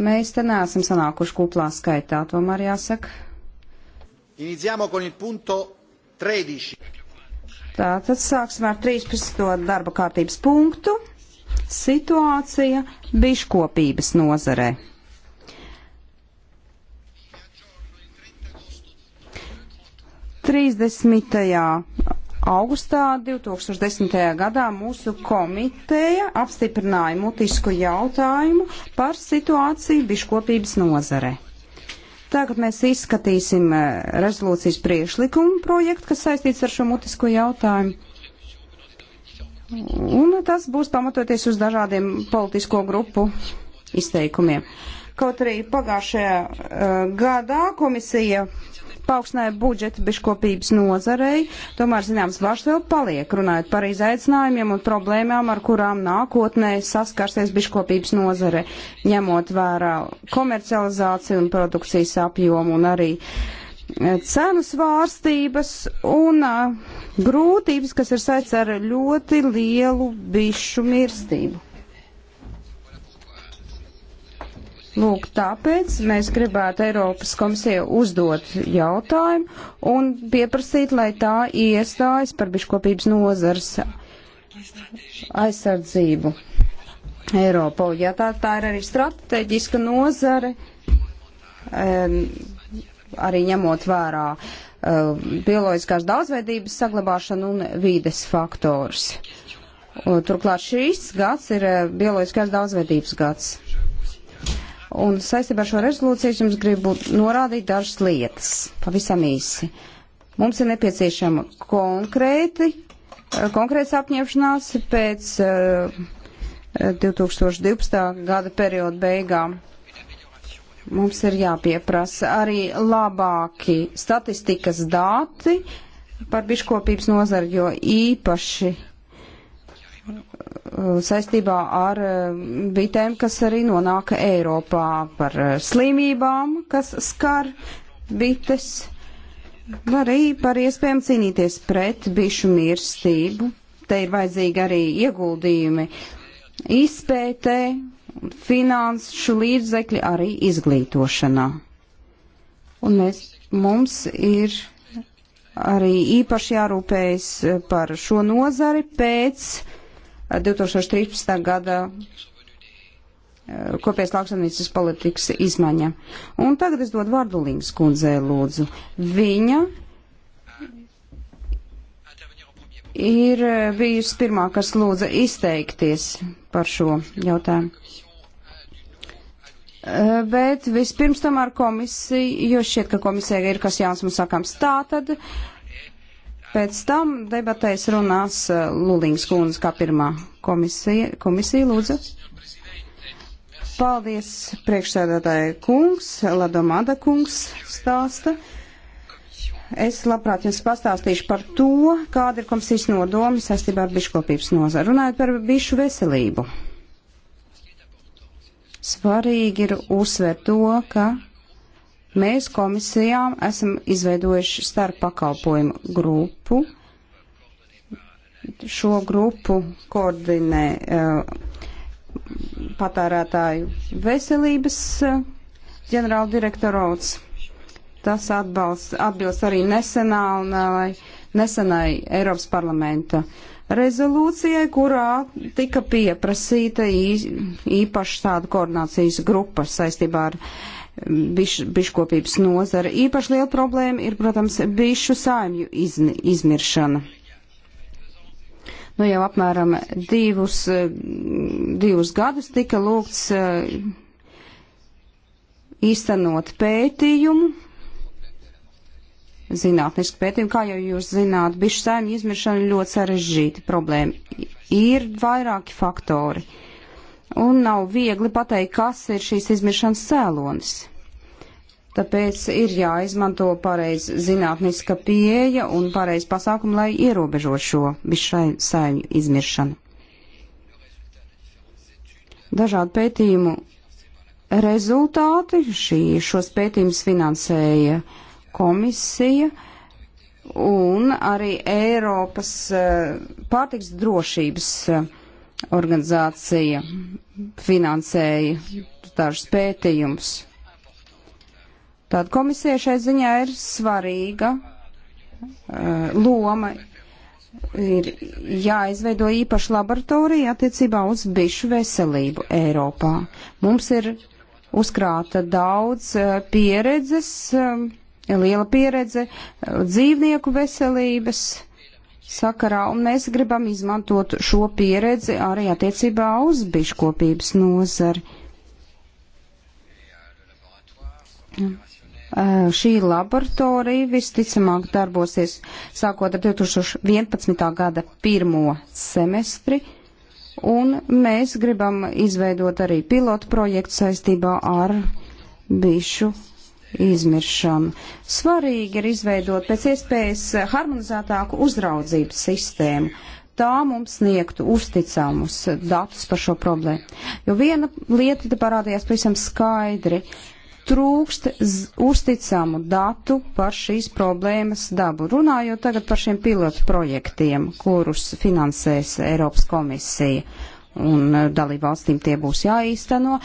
Mēs te neesam sanākuši kuplā skaitā, tomēr jāsaka. Iniziamo con il punto 13. Tā tad sāksim ar 13. darba kārtības punktu - situācija biškopības nozarē. Trīsdesmitajā Augustā 2010. gadā mūsu komiteja apstiprināja mutisku jautājumu par situāciju biškopības nozare. Tagad mēs izskatīsim eh, rezolūcijas priešlikumu projektu, kas saistīts ar šo mutisko jautājumu. Un tas būs pamatoties uz dažādiem politisko grupu izteikumiem. Kaut arī pagājušajā uh, gadā komisija paaugstināja budžetu beškopības nozarei, tomēr zināms bažas vēl paliek, runājot par izaicinājumiem un problēmām, ar kurām nākotnē saskarsies beškopības nozare, ņemot vērā komercializāciju un produkcijas apjomu un arī e, cenu svārstības un uh, grūtības, kas ir saistīts ar ļoti lielu bišu mirstību. Lūk, tāpēc mēs gribētu Eiropas komisiju uzdot jautājumu un pieprasīt, lai tā iestājas par biškopības nozars aizsardzību Eiropā. Ja tā, tā ir arī strateģiska nozare, arī ņemot vērā bioloģiskās daudzveidības saglabāšanu un vīdes faktors. Turklāt šīs gads ir bioloģiskās daudzveidības gads. Un saistībā ar šo rezolūciju es jums gribu norādīt dažas lietas, pavisam īsi. Mums ir nepieciešama konkrēti, eh, konkrēts apņemšanās pēc uh, eh, 2012. Eh, gada perioda beigām. Mums ir jāpieprasa arī labāki statistikas dati par biškopības nozari, jo īpaši Uh, saistībā ar uh, bitēm, kas arī nonāk Eiropā par uh, slimībām, kas skar bites, arī par iespējām cīnīties pret bišu mirstību. Te ir vajadzīgi arī ieguldījumi izpētē, finanšu līdzekļi arī izglītošanā. Un mēs, mums ir arī īpaši jārūpējas par šo nozari pēc 2013. gada eh, kopējas lauksaimniecības politikas izmaiņa. Un tagad es dodu vārdu Līgas kundzē, lūdzu. Viņa ir eh, bijusi pirmā, kas lūdza izteikties par šo jautājumu. Eh, bet vispirms tomēr komisija, jo šķiet, ka komisija ir kas jauns mums sakams. Tā tad Pēc tam debatēs runās eh, Lulīngas kundze kā pirmā komisija. Komisija lūdzu. Paldies, priekšsēdētāja kungs, Ladomada kungs stāsta. Es labprāt jums pastāstīšu par to, kāda ir komisijas nodoma saistībā ar biškopības nozaru. Runājot par bišu veselību. Svarīgi ir uzsvērt to, ka Mēs komisijā esam izveidojuši starp pakalpojumu grupu. Šo grupu koordinē uh, patērētāju veselības uh, eh, ģenerāldirektorauts. Tas atbalst, atbilst arī nesenā un uh, nesenai Eiropas parlamenta rezolūcijai, kurā tika pieprasīta īpaši tāda koordinācijas grupa saistībā ar uh, biš, biškopības nozara. Īpaši liela problēma ir, protams, bišu saimju izni, izmiršana. Nu, jau apmēram divus, divus gadus tika lūgts eh, īstenot pētījumu, zinātnisku pētījumu. Kā jau jūs zināt, bišu saimju izmiršana ļoti sarežģīta problēma. Ir vairāki faktori. Uh, un nav viegli pateikt, kas ir šīs izmiršanas cēlonis. Tāpēc ir jāizmanto pareiz zinātniska pieeja un pareiz pasākumu, lai ierobežo šo bišai saiņu izmiršanu. Dažādu pētījumu rezultāti šī, šos pētījumus finansēja komisija un arī Eiropas eh, pārtiks drošības uh, organizācija finansēja dažus pētījumus. Tāda komisija šai ziņā ir svarīga eh, loma. Ir jāizveido īpaša laboratorija attiecībā uz bišu veselību Eiropā. Mums ir uzkrāta daudz eh, pieredzes, eh, liela pieredze dzīvnieku veselības sakarā, un mēs gribam izmantot šo pieredzi arī attiecībā uz biškopības nozari. Šī laboratorija visticamāk darbosies sākot ar 2011. gada pirmo semestri, un mēs gribam izveidot arī pilotu projektu saistībā ar bišu izmiršam. Svarīgi ir izveidot pēc iespējas harmonizētāku uzraudzības sistēmu. Tā mums sniegtu uzticamus datus par šo problēmu. Jo viena lieta te parādījās pavisam skaidri. Trūkst uzticamu datu par šīs problēmas dabu. Runājot tagad par šiem pilotu projektiem, kurus finansēs Eiropas komisija un eh, dalībvalstīm tie būs jāīsteno.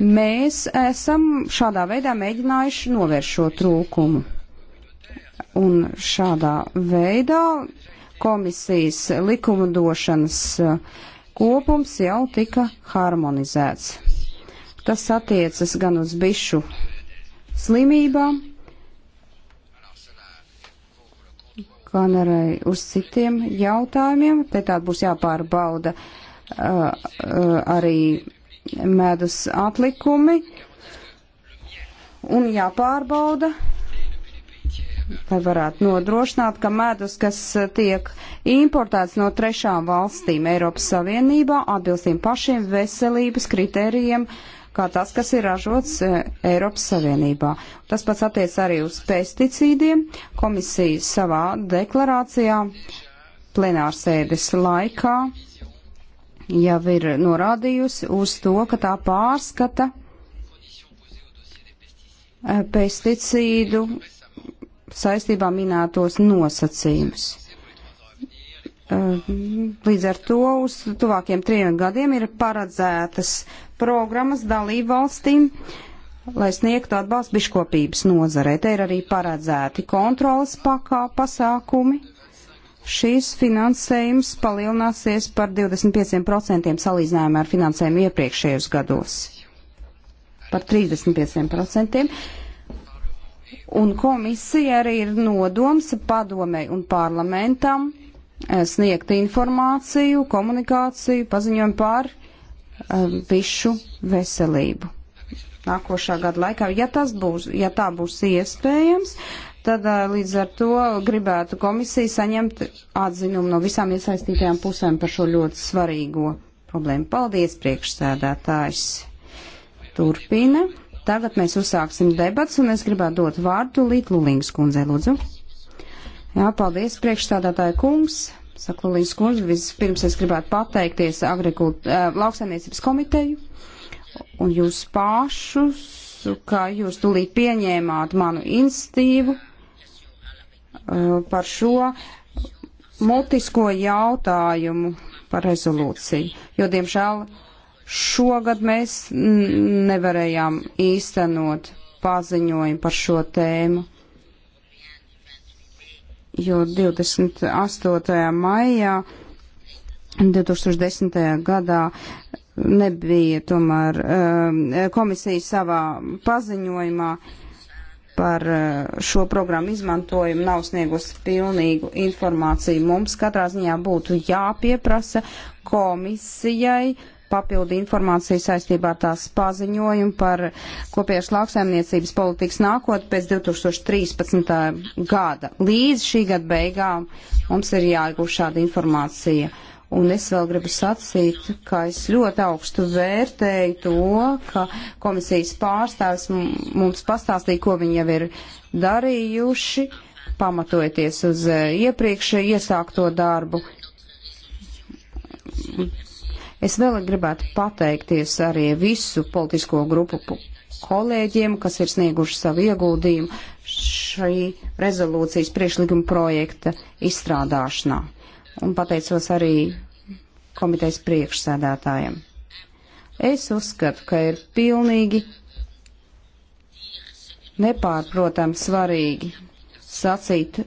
Mēs esam šādā veidā mēģinājuši novērst šo trūkumu. Un šādā veidā komisijas likumdošanas eh, kopums jau tika harmonizēts. Tas attiecas gan uz bišu slimībām, gan arī uz citiem jautājumiem. Te tā būs jāpārbauda uh, Uh, arī medus atlikumi un jāpārbauda, lai varētu nodrošināt, ka medus, kas tiek importēts no trešām valstīm Eiropas Savienībā, atbilst tiem pašiem veselības kritērijiem, kā tas, kas ir ražots uh, Eiropas Savienībā. Tas pats attiec arī uz pesticīdiem. Komisija savā deklarācijā plenārsēdes laikā jau ir norādījusi uz to, ka tā pārskata eh, pesticīdu saistībā minētos nosacījumus. Eh, līdz ar to uz tuvākiem trim gadiem ir paredzētas programmas dalībvalstīm, lai sniegtu atbalstu biškopības nozarē. Te ir arī paredzēti kontrolas pakā pasākumi, šīs finansējums palielināsies par 25% salīdzinājumā ar finansējumu iepriekšējos gados. Par 35%. Un komisija arī ir nodoms padomei un parlamentam eh, sniegt informāciju, komunikāciju, paziņojumu par eh, višu veselību nākošā gada laikā. Ja tas būs, ja tā būs iespējams, Tad līdz ar to gribētu komisija saņemt atziņumu no visām iesaistītajām pusēm par šo ļoti svarīgo problēmu. Paldies, priekšsēdētājs. Turpina. Tagad mēs uzsāksim debats, un es gribētu dot vārdu Lītlulīngas kundzē, lūdzu. Jā, paldies, priekšstādātāja kungs. Saka Lulīngas kundze, vispirms es gribētu pateikties agrikult, uh, lauksainiecības komiteju un jūs pašus, ka jūs tulīt pieņēmāt manu institīvu Uh, par šo mutisko jautājumu par rezolūciju, jo, diemžēl, šogad mēs nevarējām īstenot paziņojumu par šo tēmu, jo 28. maijā 2010. gadā nebija tomēr uh, komisija savā paziņojumā uh, par eh, šo programmu izmantojumu nav sniegusi pilnīgu informāciju. Mums katrā ziņā būtu jāpieprasa komisijai papildu informāciju saistībā ar tās paziņojumu par kopiešu lauksaimniecības politikas nākotni pēc 2013. gada. Līdz šī gada beigām mums ir jāiegūst šāda informācija. Uh, Un es vēl gribu sacīt, ka es ļoti augstu vērtēju to, ka komisijas pārstāvis mums pastāstīja, ko viņi jau ir darījuši, pamatojoties uz e, iepriekš iesākto darbu. Es vēl gribētu pateikties arī visu politisko grupu kolēģiem, kas ir snieguši savu ieguldījumu šī rezolūcijas priekšlikuma projekta izstrādāšanā un pateicos arī komitejas priekšsēdētājiem. Es uzskatu, ka ir pilnīgi nepārprotam svarīgi sacīt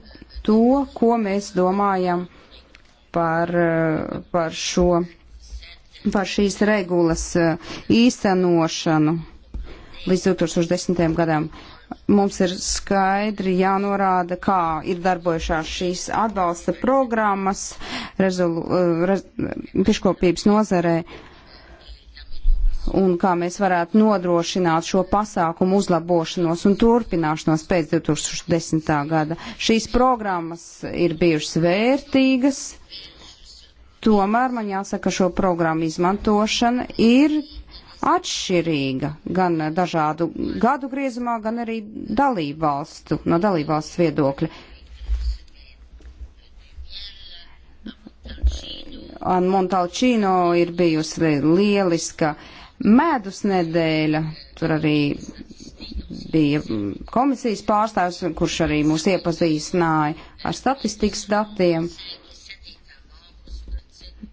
to, ko mēs domājam par, par šo, par šīs regulas īstenošanu līdz 2010. gadam. Mums ir skaidri jānorāda, kā ir darbojušās šīs atbalsta programmas rezolu, eh, rez, piškopības nozarē un kā mēs varētu nodrošināt šo pasākumu uzlabošanos un turpināšanos pēc 2010. gada. Šīs programmas ir bijušas vērtīgas, tomēr man jāsaka, ka šo programmu izmantošana ir atšķirīga gan dažādu gadu griezumā, gan arī dalībvalstu, no dalībvalsts viedokļa. Un Montalčino ir bijusi lieliska medus nedēļa, tur arī bija komisijas pārstāvs, kurš arī mūs iepazīstināja ar statistikas datiem. Uh,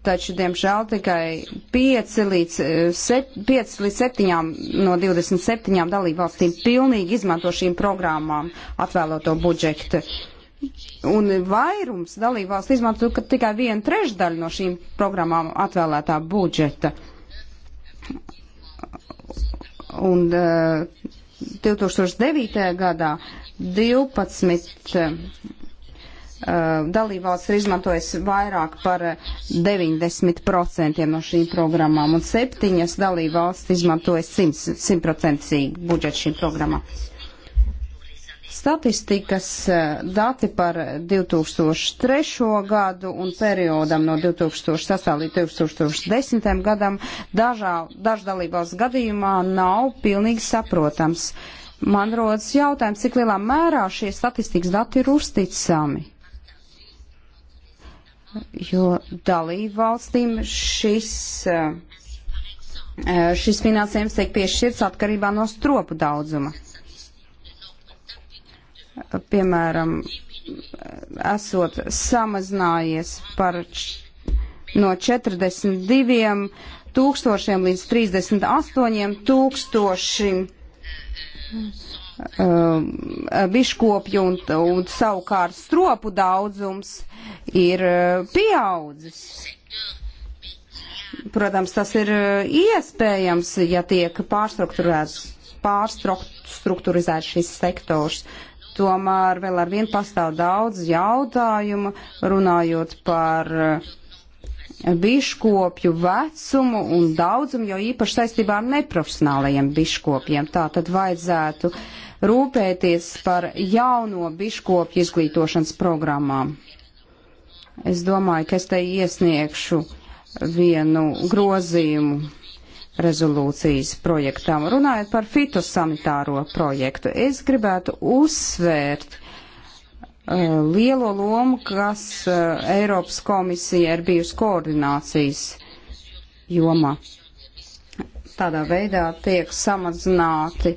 taču, diemžēl, tikai 5 līdz, 7, eh, 5 līdz 7 no 27 dalībvalstīm pilnīgi izmanto šīm programmām atvēloto budžetu. Un vairums dalībvalstu izmanto tikai vienu trešdaļu no šīm programmām atvēlētā budžeta. Un uh, eh, 2009. gadā 12 Uh, dalībvalsts ir izmantojis vairāk par 90% no šīm programmām, un septiņas dalībvalsts izmantojas 100% budžetu šīm programmām. Statistikas uh, dati par 2003. gadu un periodam no 2008. līdz 2010. gadam dažā, daždalībās gadījumā nav pilnīgi saprotams. Man rodas jautājums, cik lielā mērā šie statistikas dati ir uzticami jo dalību valstīm šis, eh, eh, šis finansējums tiek piešķirts atkarībā no stropu daudzuma. Piemēram, esot samazinājies par no 42 tūkstošiem līdz 38 tūkstošiem Um, biškopju un, un savukārt stropu daudzums ir uh, pieaudzis. Protams, tas ir uh, iespējams, ja tiek pārstrukturizēts šis sektors. Tomēr vēl ar vienu pastāv daudz jautājumu runājot par uh, biškopju vecumu un daudzumu, jo īpaši saistībā ar neprofesionālajiem biškopiem. Tā tad vajadzētu rūpēties par jauno biškopju izglītošanas programmām. Es domāju, ka es te iesniegšu vienu grozījumu rezolūcijas projektām. Runājot par fitosanitāro projektu, es gribētu uzsvērt, Eh, lielo lomu, kas eh, Eiropas komisija ir bijusi koordinācijas jomā. Tādā veidā tiek samazināti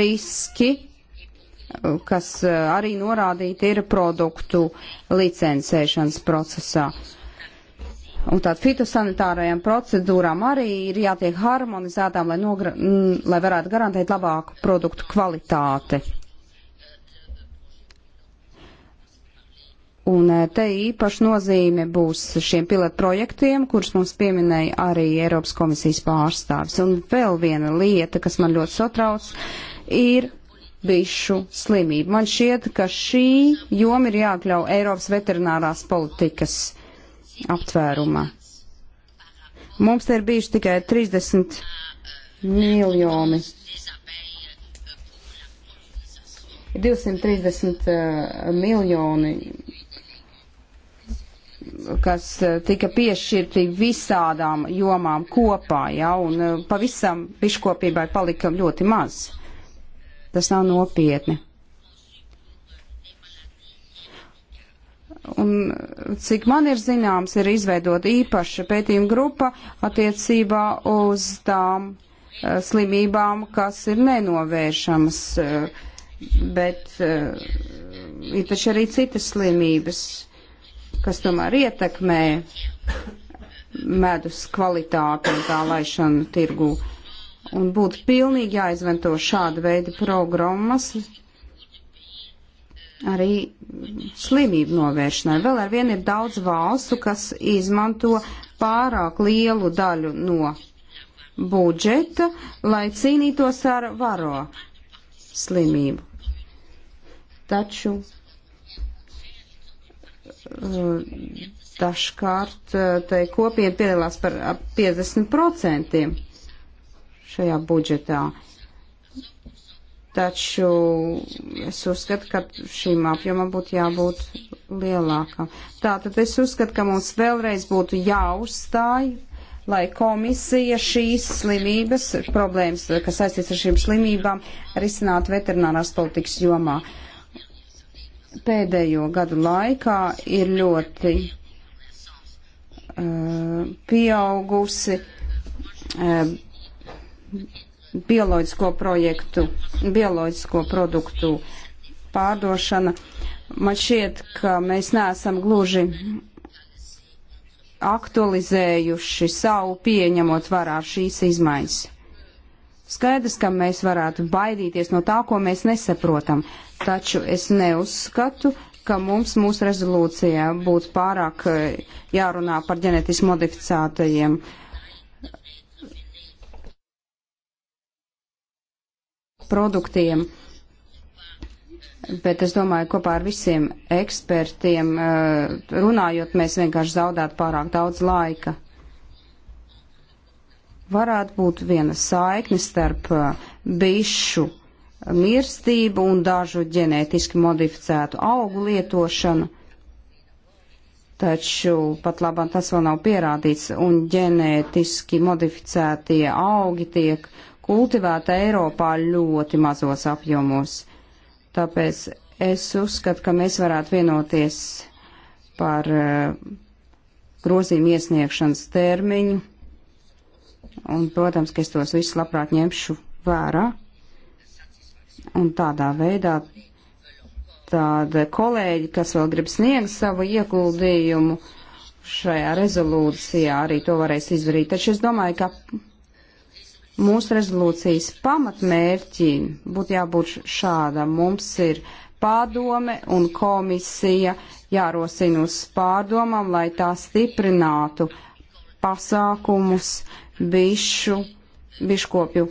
riski, eh, kas arī norādīti ir produktu licencēšanas procesā. Un tātad fitosanitārajām procedūrām arī ir jātiek harmonizētām, lai, nogra, mm, lai varētu garantēt labāku produktu kvalitāti. Un eh, te īpaši nozīme būs šiem pilotprojektiem, kurus mums pieminēja arī Eiropas komisijas pārstāvis. Un vēl viena lieta, kas man ļoti satrauc, ir bišu slimība. Man šķiet, ka šī joma ir jākļau Eiropas veterinārās politikas aptvērumā. Mums te ir bijuši tikai 30 miljoni 230 uh, eh, miljoni kas eh, tika piešķirti visādām jomām kopā, ja, un eh, pavisam biškopībai palika ļoti maz. Tas nav nopietni. Un, eh, cik man ir zināms, ir izveidota īpaša pētījuma grupa attiecībā uz tām uh, slimībām, kas ir nenovēršamas, uh, bet uh, ir taču arī citas slimības. Uh, kas tomēr ietekmē medus kvalitāti un tā laišanu tirgu. Un būtu pilnīgi jāizvento šāda veida programmas arī slimību novēršanai. Vēl ar vienu ir daudz valstu, kas izmanto pārāk lielu daļu no budžeta, lai cīnītos ar varo slimību. Taču dažkārt eh, tai kopiena piedalās par 50% šajā budžetā. Taču es uzskatu, ka šīm apjomam būtu jābūt lielākam. Tātad es uzskatu, ka mums vēlreiz būtu jāuzstāj, lai komisija šīs slimības, problēmas, kas saistīts ar šīm slimībām, risinātu veterinārās politikas jomā. Uh, pēdējo gadu laikā ir ļoti uh, pieaugusi uh, bioloģisko projektu, bioloģisko produktu pārdošana. Man šķiet, ka mēs neesam gluži aktualizējuši savu pieņemot varā šīs izmaiņas. Skaidrs, ka mēs varētu baidīties no tā, ko mēs nesaprotam, taču es neuzskatu, ka mums mūsu rezolūcijā būtu pārāk eh, jārunā par ģenetiski modificētajiem. produktiem, bet es domāju, kopā ar visiem ekspertiem eh, runājot, mēs vienkārši zaudētu pārāk daudz laika. Varētu būt viena saikne starp eh, bišu uh, mirstību un dažu ģenētiski modificētu augu lietošanu. Taču pat labāk tas vēl nav pierādīts, un ģenētiski modificētie augi tiek kultivēti Eiropā ļoti mazos apjomos. Tāpēc es uzskatu, ka mēs varētu vienoties par eh, grozījumu iesniegšanas termiņu, un, protams, ka es tos visus labprāt ņemšu vērā. Un tādā veidā tādi kolēģi, kas vēl grib sniegt savu ieguldījumu šajā rezolūcijā, arī to varēs izdarīt. Taču es domāju, ka mūsu rezolūcijas pamatmērķi būtu jābūt šāda. Mums ir padome un komisija jārosina uz pārdomām, lai tā stiprinātu pasākumus bišu, biškopju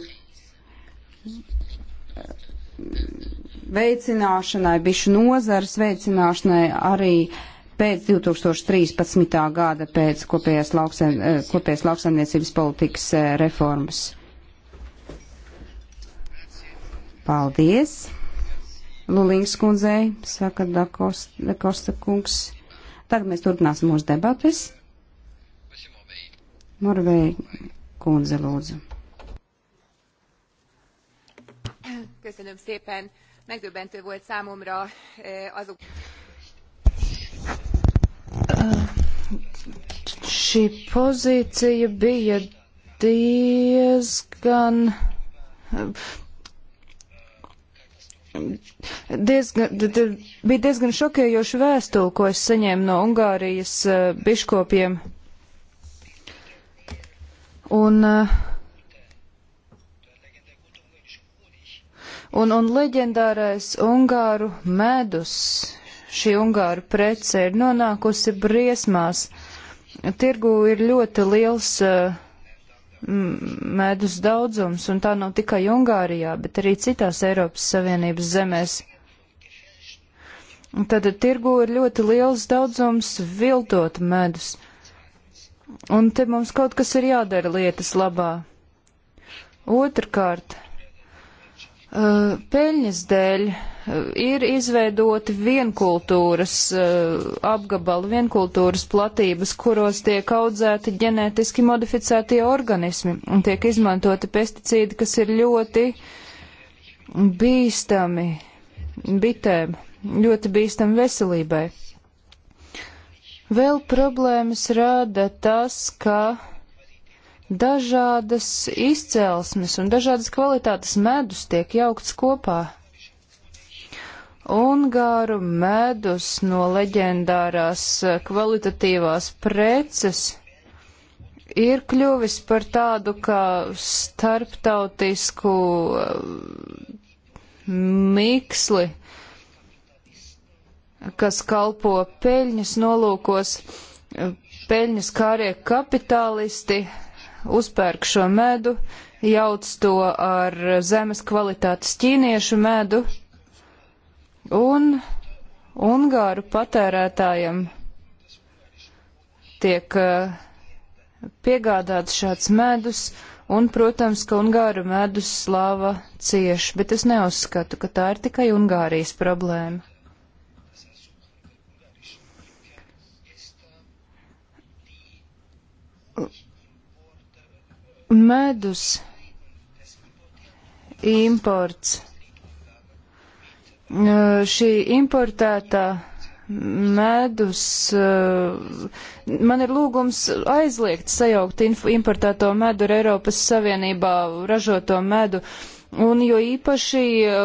veicināšanai, bišu nozares veicināšanai arī pēc 2013. gada pēc kopējās, lauksaim, eh, kopējās lauksaimniecības politikas eh, reformas. Paldies! Lulīngas kundzei, saka Dakosta kungs. Tagad mēs turpināsim mūsu debates. Morvei kundze lūdzu. Köszönöm szépen. Megdöbbentő volt számomra eh, azok... Šī pozīcija bija diezgan diezgan, bija diezgan šokējoša vēstule, ko es saņēmu no Ungārijas uh, biškopiem. Un uh, Un, un leģendārais Ungāru medus, šī Ungāru prece ir nonākusi briesmās. Tirgū ir ļoti liels uh, medus daudzums, un tā nav tikai Ungārijā, bet arī citās Eiropas Savienības zemēs. Tad tirgū ir ļoti liels daudzums viltot medus, un te mums kaut kas ir jādara lietas labā. Otrkārt, Eh, peļņas dēļ eh, ir izveidoti vienkultūras eh, apgabali, vienkultūras platības, kuros tiek audzēti ģenētiski modificētie organismi un tiek izmantoti pesticīdi, kas ir ļoti bīstami bitēm, ļoti bīstami veselībai. Vēl problēmas rāda tas, ka dažādas izcelsmes un dažādas kvalitātes medus tiek jaukts kopā. Ungāru medus no leģendārās kvalitatīvās preces ir kļuvis par tādu kā starptautisku uh, miksli, kas kalpo peļņas nolūkos, uh, peļņas kārie kapitālisti uzpērk šo medu, jauc to ar zemes kvalitātes ķīniešu medu, un Ungāru patērētājiem tiek eh, piegādāts šāds medus, un, protams, ka Ungāru medus slāva cieši, bet es neuzskatu, ka tā ir tikai Ungārijas problēma. Medus imports. Šī importētā medus. Man ir lūgums aizliegt sajaukt importēto medu ar Eiropas Savienībā ražoto medu. Un jo īpaši eh,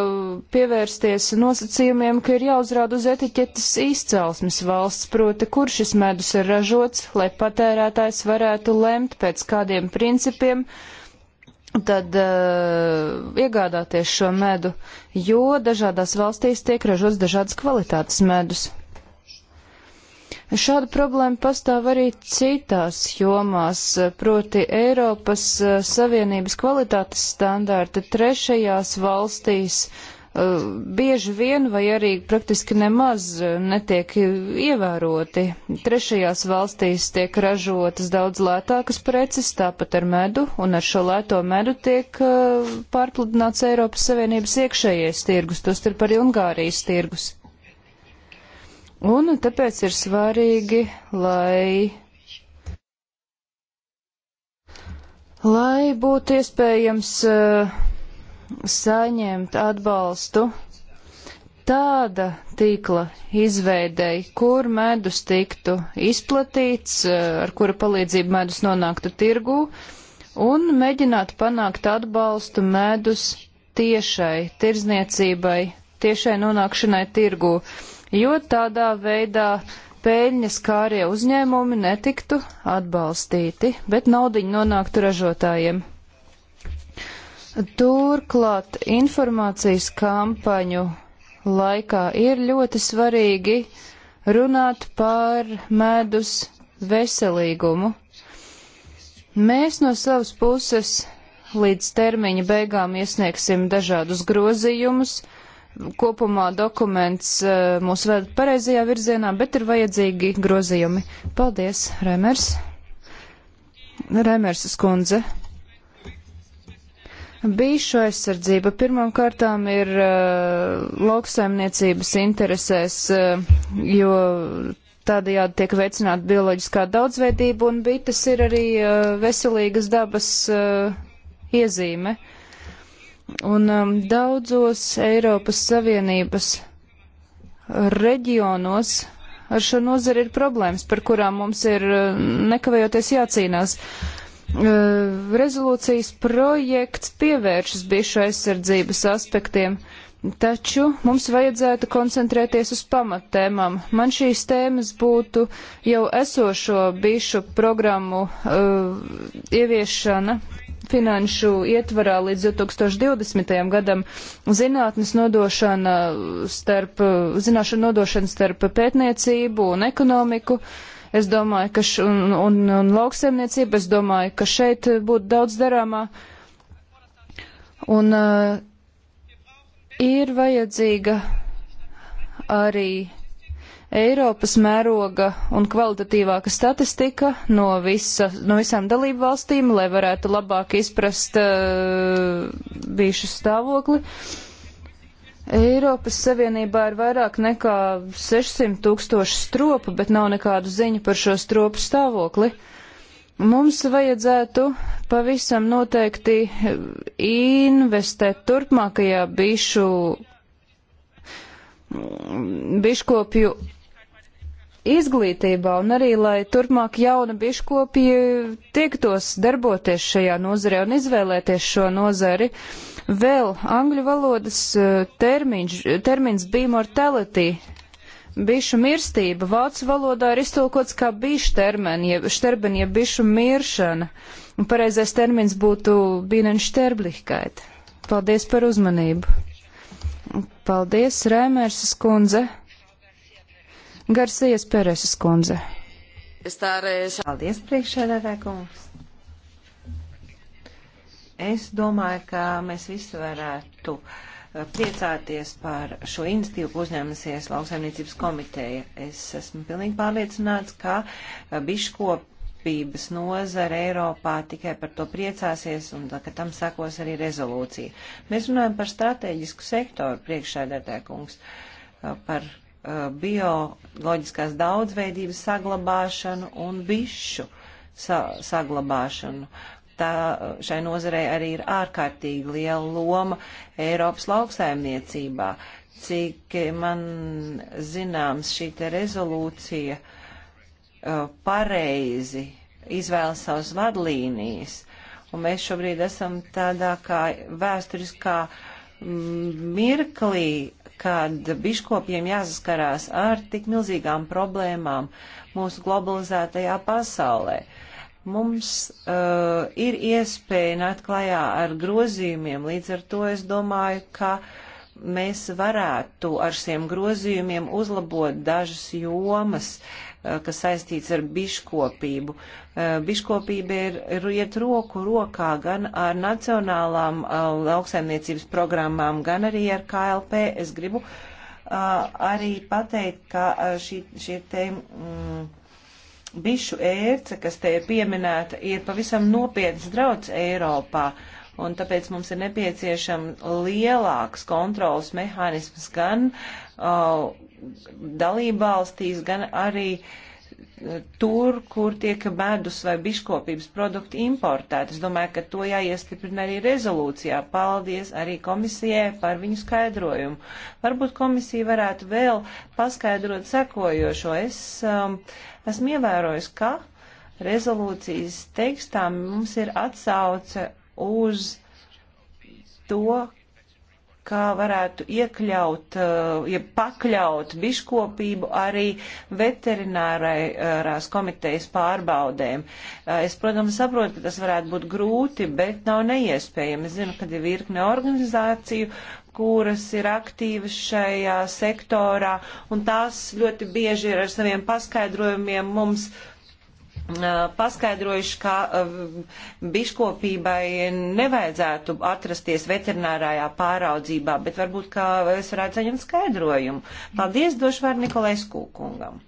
pievērsties nosacījumiem, ka ir jāuzrāda uz etiķetes izcelsmes valsts, proti, kur šis medus ir ražots, lai patērētājs varētu lemt pēc kādiem principiem, tad uh, iegādāties šo medu, jo dažādās valstīs tiek ražots dažādas kvalitātes medus. Šāda problēma pastāv arī citās jomās, proti Eiropas eh, Savienības kvalitātes standārti trešajās valstīs eh, bieži vien vai arī praktiski nemaz eh, netiek ievēroti. Trešajās valstīs tiek ražotas daudz lētākas preces, tāpat ar medu, un ar šo lēto medu tiek pārpludināts Eiropas Savienības iekšējais tirgus, tostarp arī Ungārijas tirgus. Un tāpēc ir svarīgi, lai, lai būtu iespējams uh, saņemt atbalstu tāda tīkla izveidei, kur medus tiktu izplatīts, eh, ar kura palīdzību medus nonāktu tirgū, un mēģināt panākt atbalstu medus tiešai tirzniecībai, tiešai nonākšanai tirgū jo tādā veidā pēļņas kārie uzņēmumi netiktu atbalstīti, bet naudiņa nonāktu ražotājiem. Turklāt informācijas kampaņu laikā ir ļoti svarīgi runāt par medus veselīgumu. Mēs no savas puses līdz termiņa beigām iesniegsim dažādus grozījumus, kopumā dokuments eh, mūs ved pareizajā virzienā, bet ir vajadzīgi grozījumi. Paldies, Remers. Remers skundze. Bīšu aizsardzība pirmām kārtām ir uh, lauksaimniecības interesēs, uh, jo tādējādi tiek veicināta bioloģiskā daudzveidība un bites ir arī uh, veselīgas dabas uh, iezīme. Uh, Un um, daudzos Eiropas Savienības reģionos ar šo nozari ir problēmas, par kurām mums ir uh, nekavējoties jācīnās. Uh, rezolūcijas projekts pievēršas bišu aizsardzības aspektiem, taču mums vajadzētu koncentrēties uz pamattēmām. Man šīs tēmas būtu jau esošo bišu programmu uh, ieviešana finanšu ietvarā līdz 2020. gadam zinātnes nodošana starp, zināšana nodošana starp pētniecību un ekonomiku. Es domāju, ka š, un, un, un lauksaimniecība, es domāju, ka šeit būtu daudz darāmā. Un uh, ir vajadzīga arī Eiropas mēroga un kvalitatīvāka statistika no, visa, no visām dalību valstīm, lai varētu labāk izprast uh, eh, bijušu stāvokli. Eiropas Savienībā ir vairāk nekā 600 tūkstoši stropu, bet nav nekādu ziņu par šo stropu stāvokli. Mums vajadzētu pavisam noteikti eh, investēt turpmākajā bišu, biškopju izglītībā un arī, lai turpmāk jauna biškopi tiektos darboties šajā nozarē un izvēlēties šo nozari. Vēl angļu valodas e, termiņš, termins be mortality, bišu mirstība, vācu valodā ir iztulkots kā bišu termen, jeb šterben, jeb bišu miršana. Un pareizais termins būtu bīneņu šterblihkait. Paldies par uzmanību. Paldies, Rēmērsa skundze. Garsijas Pereses kundze. Paldies, priekšsēdētāj kungs. Es domāju, ka mēs visi varētu eh, priecāties par šo institīvu, ko uzņēmusies lauksaimniecības komiteja. Es esmu pilnīgi pārliecināts, ka eh, biškopības nozara Eiropā tikai par to priecāsies un ka tam sakos arī rezolūcija. Mēs runājam par strateģisku sektoru priekšsēdētāj kungs, eh, par Uh, bioloģiskās daudzveidības saglabāšanu un bišu sa saglabāšanu. Tā uh, šai nozarei arī ir ārkārtīgi liela loma Eiropas lauksaimniecībā. Cik man zināms, šī te rezolūcija uh, pareizi izvēla savas vadlīnijas, un mēs šobrīd esam tādā kā vēsturiskā mm, mirklī, kad biškopiem jāsaskarās ar tik milzīgām problēmām mūsu globalizētajā pasaulē. Mums uh, ir iespēja nākt klajā ar grozījumiem, līdz ar to es domāju, ka mēs varētu ar šiem grozījumiem uzlabot dažas jomas. Uh, Eh, kas saistīts ar biškopību. Eh, biškopība ir, ir iet roku rokā gan ar nacionālām eh, lauksaimniecības programmām, gan arī ar KLP. Es gribu arī pateikt, ka šī, šī te. Mm, Bišu ērce, kas te ir pieminēta, ir pavisam nopietns drauds Eiropā. Uh, un tāpēc mums ir nepieciešama lielāks kontrols mehānisms gan uh, dalībvalstīs, gan arī eh, tur, kur tiek medus vai biškopības produkti importēti. Es domāju, ka to jāiestiprina arī rezolūcijā. Paldies arī komisijai par viņu skaidrojumu. Varbūt komisija varētu vēl paskaidrot sekojošo. Es um, esmu ievērojis, ka rezolūcijas tekstā mums ir atsauce uz to, kā varētu iekļaut, uh, ja pakļaut biškopību arī veterinārās komitejas pārbaudēm. Uh, es, protams, saprotu, ka tas varētu būt grūti, bet nav neiespējami. Es zinu, ka ir virkne organizāciju, kuras ir aktīvas šajā sektorā, un tās ļoti bieži ir ar saviem paskaidrojumiem mums uh, paskaidrojuši, ka biškopībai nevajadzētu atrasties veterinārajā pāraudzībā, bet varbūt, ka es varētu saņemt skaidrojumu. Paldies, došu vārdu Nikolai Skūkungam.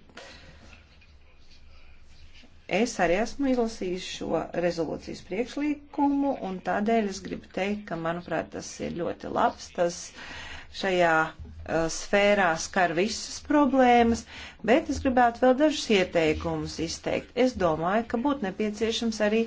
Es arī esmu izlasījis šo rezolūcijas priekšlikumu, un tādēļ es gribu teikt, ka, manuprāt, tas ir ļoti labs. Tas šajā Uh, sfērā skar visas problēmas, bet es gribētu vēl dažus ieteikumus izteikt. Es domāju, ka būtu nepieciešams arī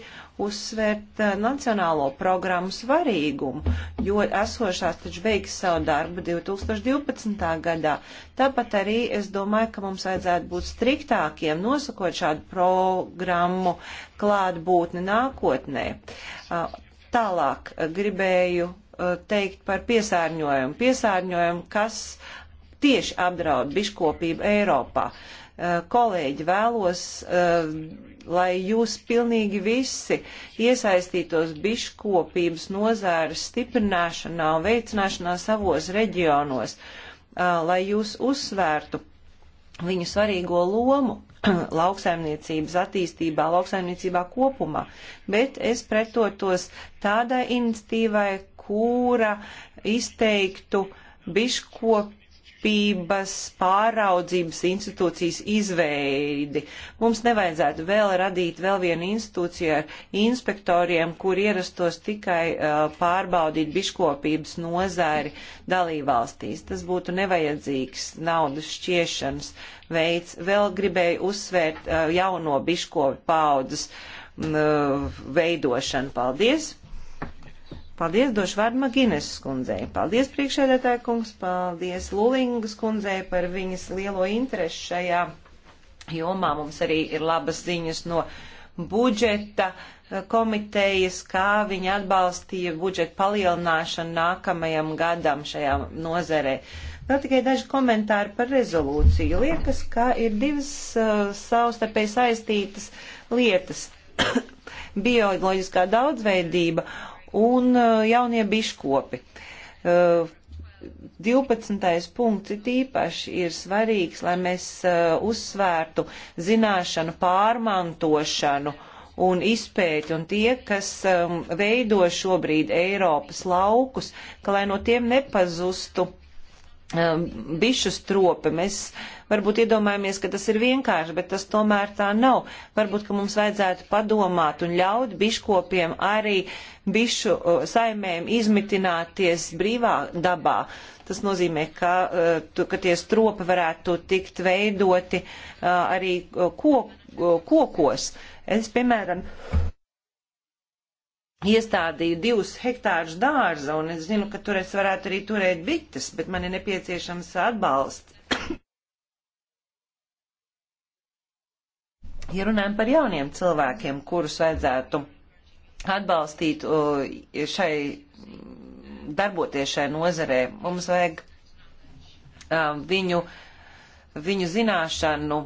uzsvērt uh, nacionālo programmu svarīgumu, jo esošās taču beigs savu darbu 2012. gadā. Tāpat arī es domāju, ka mums vajadzētu būt striktākiem, nosakot šādu programmu klātbūtni nākotnē. Uh, tālāk gribēju Eh, teikt par piesārņojumu. Piesārņojumu, kas tieši apdraud biškopību Eiropā. Eh, kolēģi vēlos, eh, lai jūs pilnīgi visi iesaistītos biškopības nozēras stiprināšanā un veicināšanā savos reģionos, lai jūs uzsvērtu viņu svarīgo lomu lauksaimniecības attīstībā, lauksaimniecībā kopumā, bet es pretotos tādai iniciatīvai, kura izteiktu biškopības pāraudzības institūcijas izveidi. Mums nevajadzētu vēl radīt vēl vienu institūciju ar inspektoriem, kur ierastos tikai uh, pārbaudīt biškopības nozari dalībvalstīs. Tas būtu nevajadzīgs naudas šķiešanas veids. Vēl gribēju uzsvērt uh, jauno biškopu paudzes mm, uh, veidošanu. Paldies! Paldies, došu vārdu Magines skundzei. Paldies, priekšēdētāja kungs, paldies Lulingas skundzei par viņas lielo interesi šajā jomā. Mums arī ir labas ziņas no budžeta komitejas, kā viņi atbalstīja budžeta palielināšanu nākamajam gadam šajā nozarē. Vēl tikai daži komentāri par rezolūciju. Liekas, ka ir divas uh, savstarpēji saistītas lietas - bioloģiskā daudzveidība un uh, jaunie biškopi. 12. Uh, punkts it īpaši ir svarīgs, lai mēs uh, uzsvērtu zināšanu pārmantošanu un izpēti un tie, kas um, veido šobrīd Eiropas laukus, ka lai no tiem nepazustu uh, Um, bišu stropi. Mēs varbūt iedomājamies, ka tas ir vienkārši, bet tas tomēr tā nav. Varbūt, ka mums vajadzētu padomāt un ļaut biškopiem arī bišu saimēm izmitināties brīvā dabā. Tas nozīmē, ka, ka tie stropi varētu tikt veidoti arī kok, kokos. Es, piemēram, iestādīju divus hektārus dārza, un es zinu, ka tur es varētu arī turēt bites, bet man ir nepieciešams atbalsts. ja runājam par jauniem cilvēkiem, kurus vajadzētu atbalstīt šai, darboties šai nozarē, mums vajag viņu, viņu zināšanu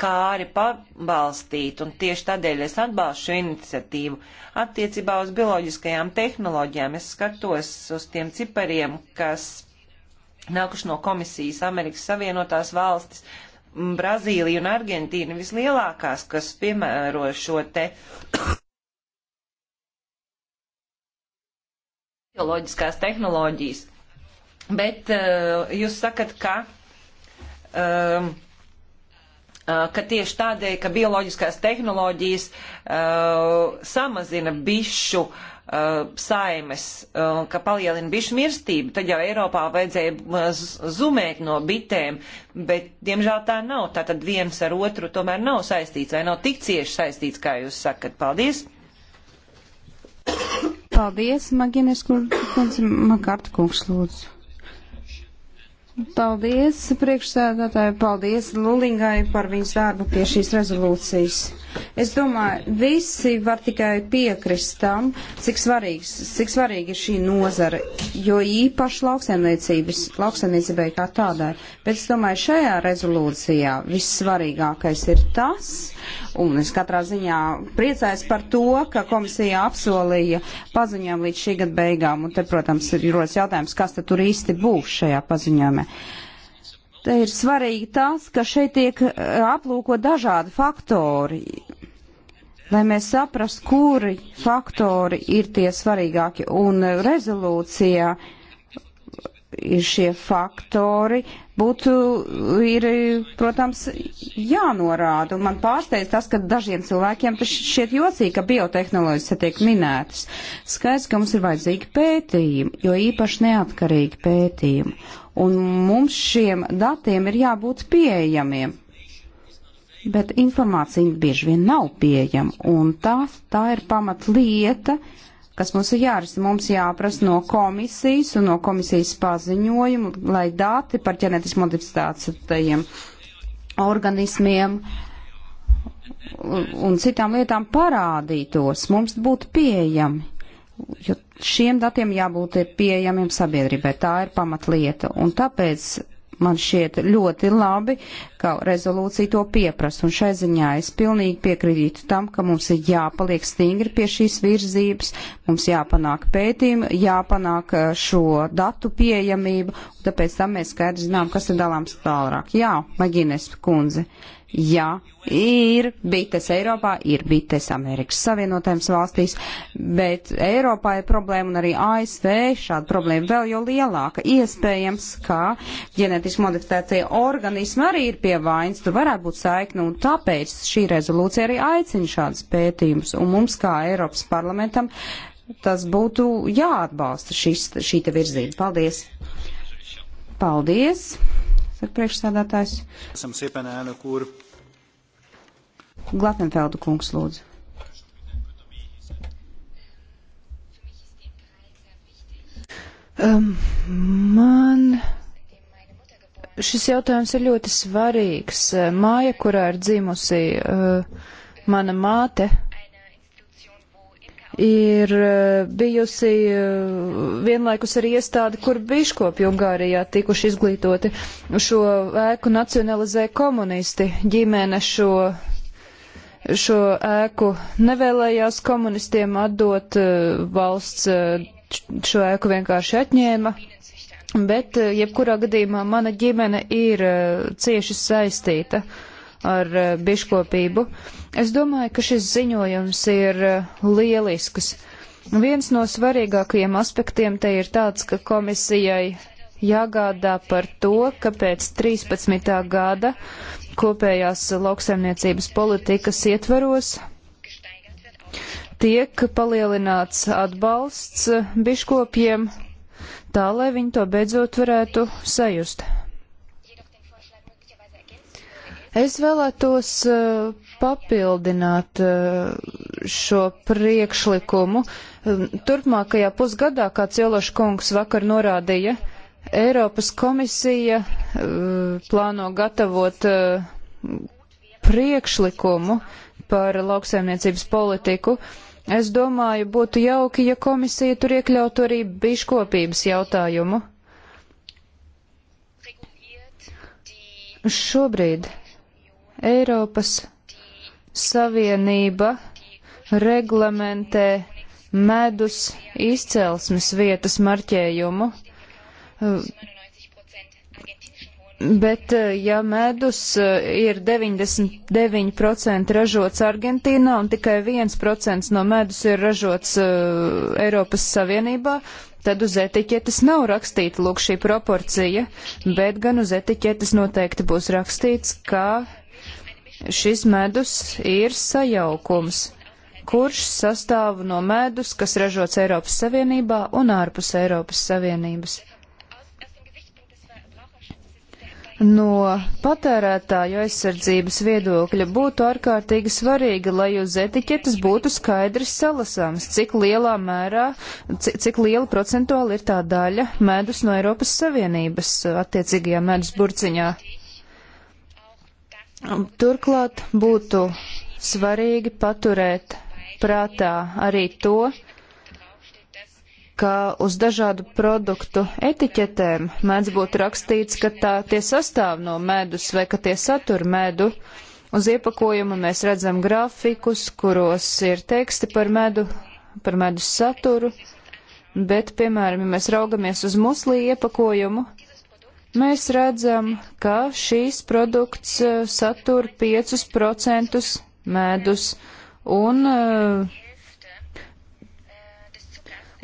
kāri pabalstīt, un tieši tādēļ es atbalstu šo iniciatīvu. Attiecībā uz bioloģiskajām tehnoloģijām es skatos uz tiem cipariem, kas nākuši no komisijas Amerikas Savienotās valstis, Brazīlija un Argentīna vislielākās, kas piemēro šo te bioloģiskās tehnoloģijas. Bet uh, jūs sakat, ka um, uh, Eh, ka tieši tādēļ, ka bioloģiskās tehnoloģijas uh, samazina bišu uh, saimes, uh, ka palielina bišu mirstību, tad jau Eiropā vajadzēja zumēt no bitēm, bet diemžēl tā nav. Tātad viens ar otru tomēr nav saistīts vai nav tik cieši saistīts, kā jūs sakat. Paldies! Paldies, Magines kundze, Makārta kungs lūdzu. Paldies, priekšsēdētāji, paldies Lulingai par viņas darbu pie šīs rezolūcijas. Es domāju, visi var tikai piekrist tam, cik, svarīgs, cik svarīga ir šī nozara, jo īpaši lauksaimniecībai kā tādai. Bet es domāju, šajā rezolūcijā vissvarīgākais ir tas, un es katrā ziņā priecājos par to, ka komisija apsolīja paziņojumu līdz šī gada beigām, un te, protams, ir rodas jautājums, kas tad tur īsti būs šajā paziņojumā nozīme. Te ir svarīgi tas, ka šeit tiek eh, aplūko dažādi faktori, lai mēs saprastu, kuri faktori ir tie svarīgāki. Un rezolūcijā ir šie faktori, būtu, ir, protams, jānorāda. Un man pārsteidz tas, ka dažiem cilvēkiem tas šķiet jocīgi, ka biotehnoloģijas tiek minētas. Skaidrs, ka mums ir vajadzīgi pētījumi, jo īpaši neatkarīgi pētījumi un mums šiem datiem ir jābūt pieejamiem. Bet informācija bieži vien nav pieejama, un tā, tā ir pamatlieta, kas mums ir jārasta. Mums jāprasa no komisijas un no komisijas paziņojumu, lai dati par ģenetiski modificētajiem organismiem un citām lietām parādītos, mums būtu pieejami jo šiem datiem jābūt pieejamiem sabiedrībai. Tā ir pamatlieta. Un tāpēc man šķiet ļoti labi, ka rezolūcija to pieprasa. Un šai ziņā es pilnīgi piekrītu tam, ka mums ir jāpaliek stingri pie šīs virzības, mums jāpanāk pētījumi, jāpanāk eh, šo datu pieejamību, un tāpēc tam mēs skaidri zinām, kas ir dalāms tālāk. Jā, Magines kundze, Jā, ir bites Eiropā, ir bites Amerikas Savienotajās valstīs, bet Eiropā ir problēma un arī ASV šāda problēma vēl jau lielāka. Iespējams, ka ģenetiski modificētie organismi arī ir pie vainas, tur varētu būt saikni, un tāpēc šī rezolūcija arī aicina šādas pētījumus. Un mums, kā Eiropas parlamentam, tas būtu jāatbalsta šis, šī te virzība. Paldies! Paldies! Saka priekšsēdētājs. Esam siepenēnu, kur Glatenfeldu kungs lūdzu. Um, man šis jautājums ir ļoti svarīgs. Māja, kurā ir dzimusi uh, mana māte, ir uh, bijusi uh, vienlaikus arī iestāde, kur biškopi Ungārijā tikuši izglītoti. Šo ēku nacionalizēja komunisti. Ģimene šo šo ēku nevēlējās komunistiem atdot, e, valsts e, šo ēku vienkārši atņēma. Bet, e, jebkurā gadījumā, mana ģimene ir cieši saistīta ar biškopību. Es domāju, ka šis ziņojums ir lielisks. Viens no svarīgākajiem aspektiem te ir tāds, ka komisijai jāgādā par to, ka pēc 13. gada kopējās lauksaimniecības politikas ietvaros tiek palielināts atbalsts biškopiem, tā lai viņi to beidzot varētu sajust. Es vēlētos eh, papildināt eh, šo priekšlikumu. Turpmākajā pusgadā, kā Cieloša kungs vakar norādīja, Eiropas komisija eh, plāno gatavot eh, priekšlikumu par lauksaimniecības politiku. Es domāju, būtu jauki, ja komisija tur iekļautu arī biškopības jautājumu. Šobrīd Eiropas Savienība reglamentē medus izcelsmes vietas marķējumu. Hm. Bet, eh, ja medus eh, ir 99% ražots Argentīnā un tikai 1% no medus ir ražots uh, Eiropas Savienībā, tad uz etiķetes nav rakstīta lūk šī proporcija, bet gan uz etiķetes noteikti būs rakstīts, ka šis medus ir sajaukums, kurš sastāv no medus, kas ražots Eiropas Savienībā un ārpus Eiropas Savienības. No patērētāju aizsardzības viedokļa būtu ārkārtīgi svarīgi, lai uz etiķetes būtu skaidrs salasāms, cik lielā mērā, cik liela procentuāli ir tā daļa medus no Eiropas Savienības attiecīgajā medus burciņā. Turklāt būtu svarīgi paturēt prātā arī to, ka uz dažādu produktu etiķetēm mēdz būt rakstīts, ka tā tie sastāv no medus vai ka tie satur medu. Uz iepakojuma mēs redzam grafikus, kuros ir teksti par medu, par medus saturu, bet, piemēram, ja mēs raugamies uz muslī iepakojumu, mēs redzam, ka šīs produkts eh, satur 5% medus un uh,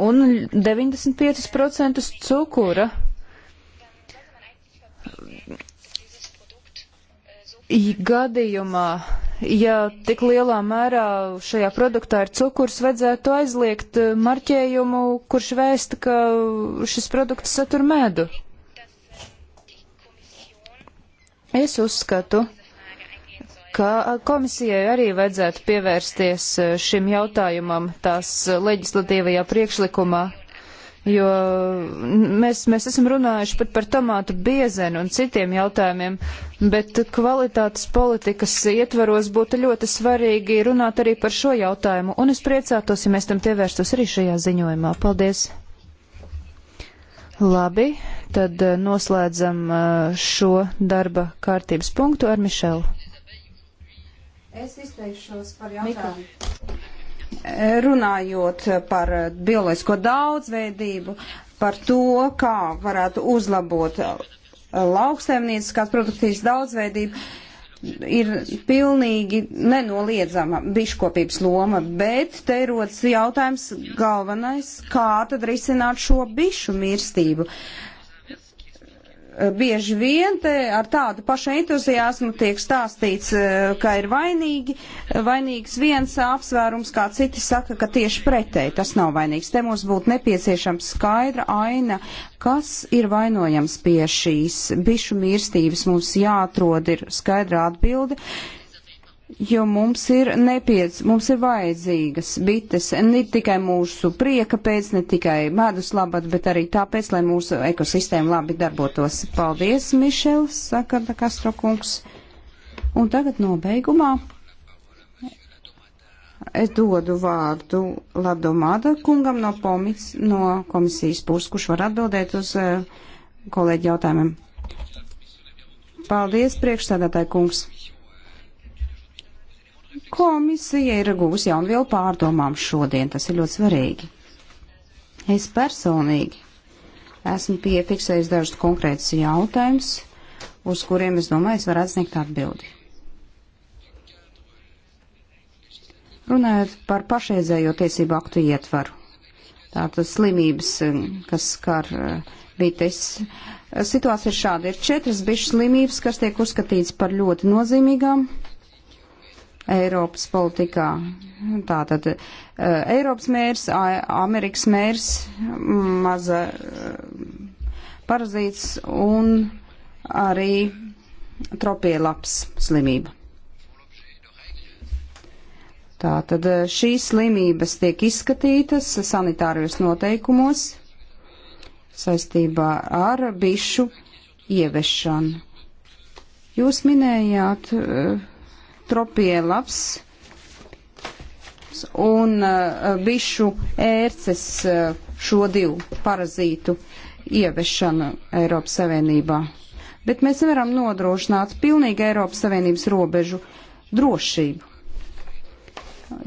un 95% cukura. Gadījumā, ja tik lielā mērā šajā produktā ir cukurs, vajadzētu aizliegt eh, marķējumu, kurš vēsta, ka šis produkts satur medu. Es uzskatu, ka komisijai arī vajadzētu pievērsties e, šim jautājumam tās leģislatīvajā priekšlikumā, jo mēs, mēs esam runājuši pat par tomātu biezenu un citiem jautājumiem, bet kvalitātes politikas ietvaros būtu ļoti svarīgi runāt arī par šo jautājumu, un es priecātos, ja mēs tam pievērstos arī šajā ziņojumā. Paldies! Labi, tad e, noslēdzam e, šo darba kārtības punktu ar Mišelu. Es izteikšos par jautājumu. Mikro. Runājot par bioloģisko daudzveidību, par to, kā varētu uzlabot lauksaimnieciskās produktīvas daudzveidību, ir pilnīgi nenoliedzama biškopības loma, bet te rodas jautājums galvenais, kā tad risināt šo bišu mirstību. Uh, Eh, bieži vien ar tādu pašu entuziasmu tiek stāstīts, eh, ka ir vainīgi, vainīgs viens apsvērums, kā citi saka, ka tieši pretēji tas nav vainīgs. Te mums būtu nepieciešama skaidra aina, kas ir vainojams pie šīs bišu mīrstības. Mums jāatrod ir skaidra atbildi, jo mums ir nepiec, mums ir vajadzīgas bites, ne tikai mūsu prieka pēc, ne tikai medus labad, bet arī tāpēc, lai mūsu ekosistēma labi darbotos. Paldies, Mišels, saka Kastro kungs. Un tagad nobeigumā es dodu vārdu Ladomāda kungam no, pomis, no komisijas puses, kurš var atbildēt uz eh, kolēģi jautājumiem. Paldies, priekšstādātāji kungs. Komisija ir gūs jaunvielu pārdomām šodien, tas ir ļoti svarīgi. Es personīgi esmu piefiksējis dažus konkrētus jautājumus, uz kuriem es domāju, es varētu sniegt atbildi. Runājot par pašreizējo tiesību aktu ietvaru, tātad slimības, um, kas skar bites, uh, situācija ir šāda. Ir četras bišu slimības, kas tiek uzskatīts par ļoti nozīmīgām Eiropas politikā. Tātad eh, Eiropas mērs, Amerikas mērs, maza eh, parazīts un arī tropielaps slimība. Tātad eh, šīs slimības tiek izskatītas sanitārijos noteikumos saistībā ar bišu ievešanu. Jūs minējāt uh, tropielaps un uh, bišu ērces uh, šo divu parazītu ieviešanu Eiropas Savienībā. Bet mēs nevaram nodrošināt pilnīgi Eiropas Savienības robežu drošību,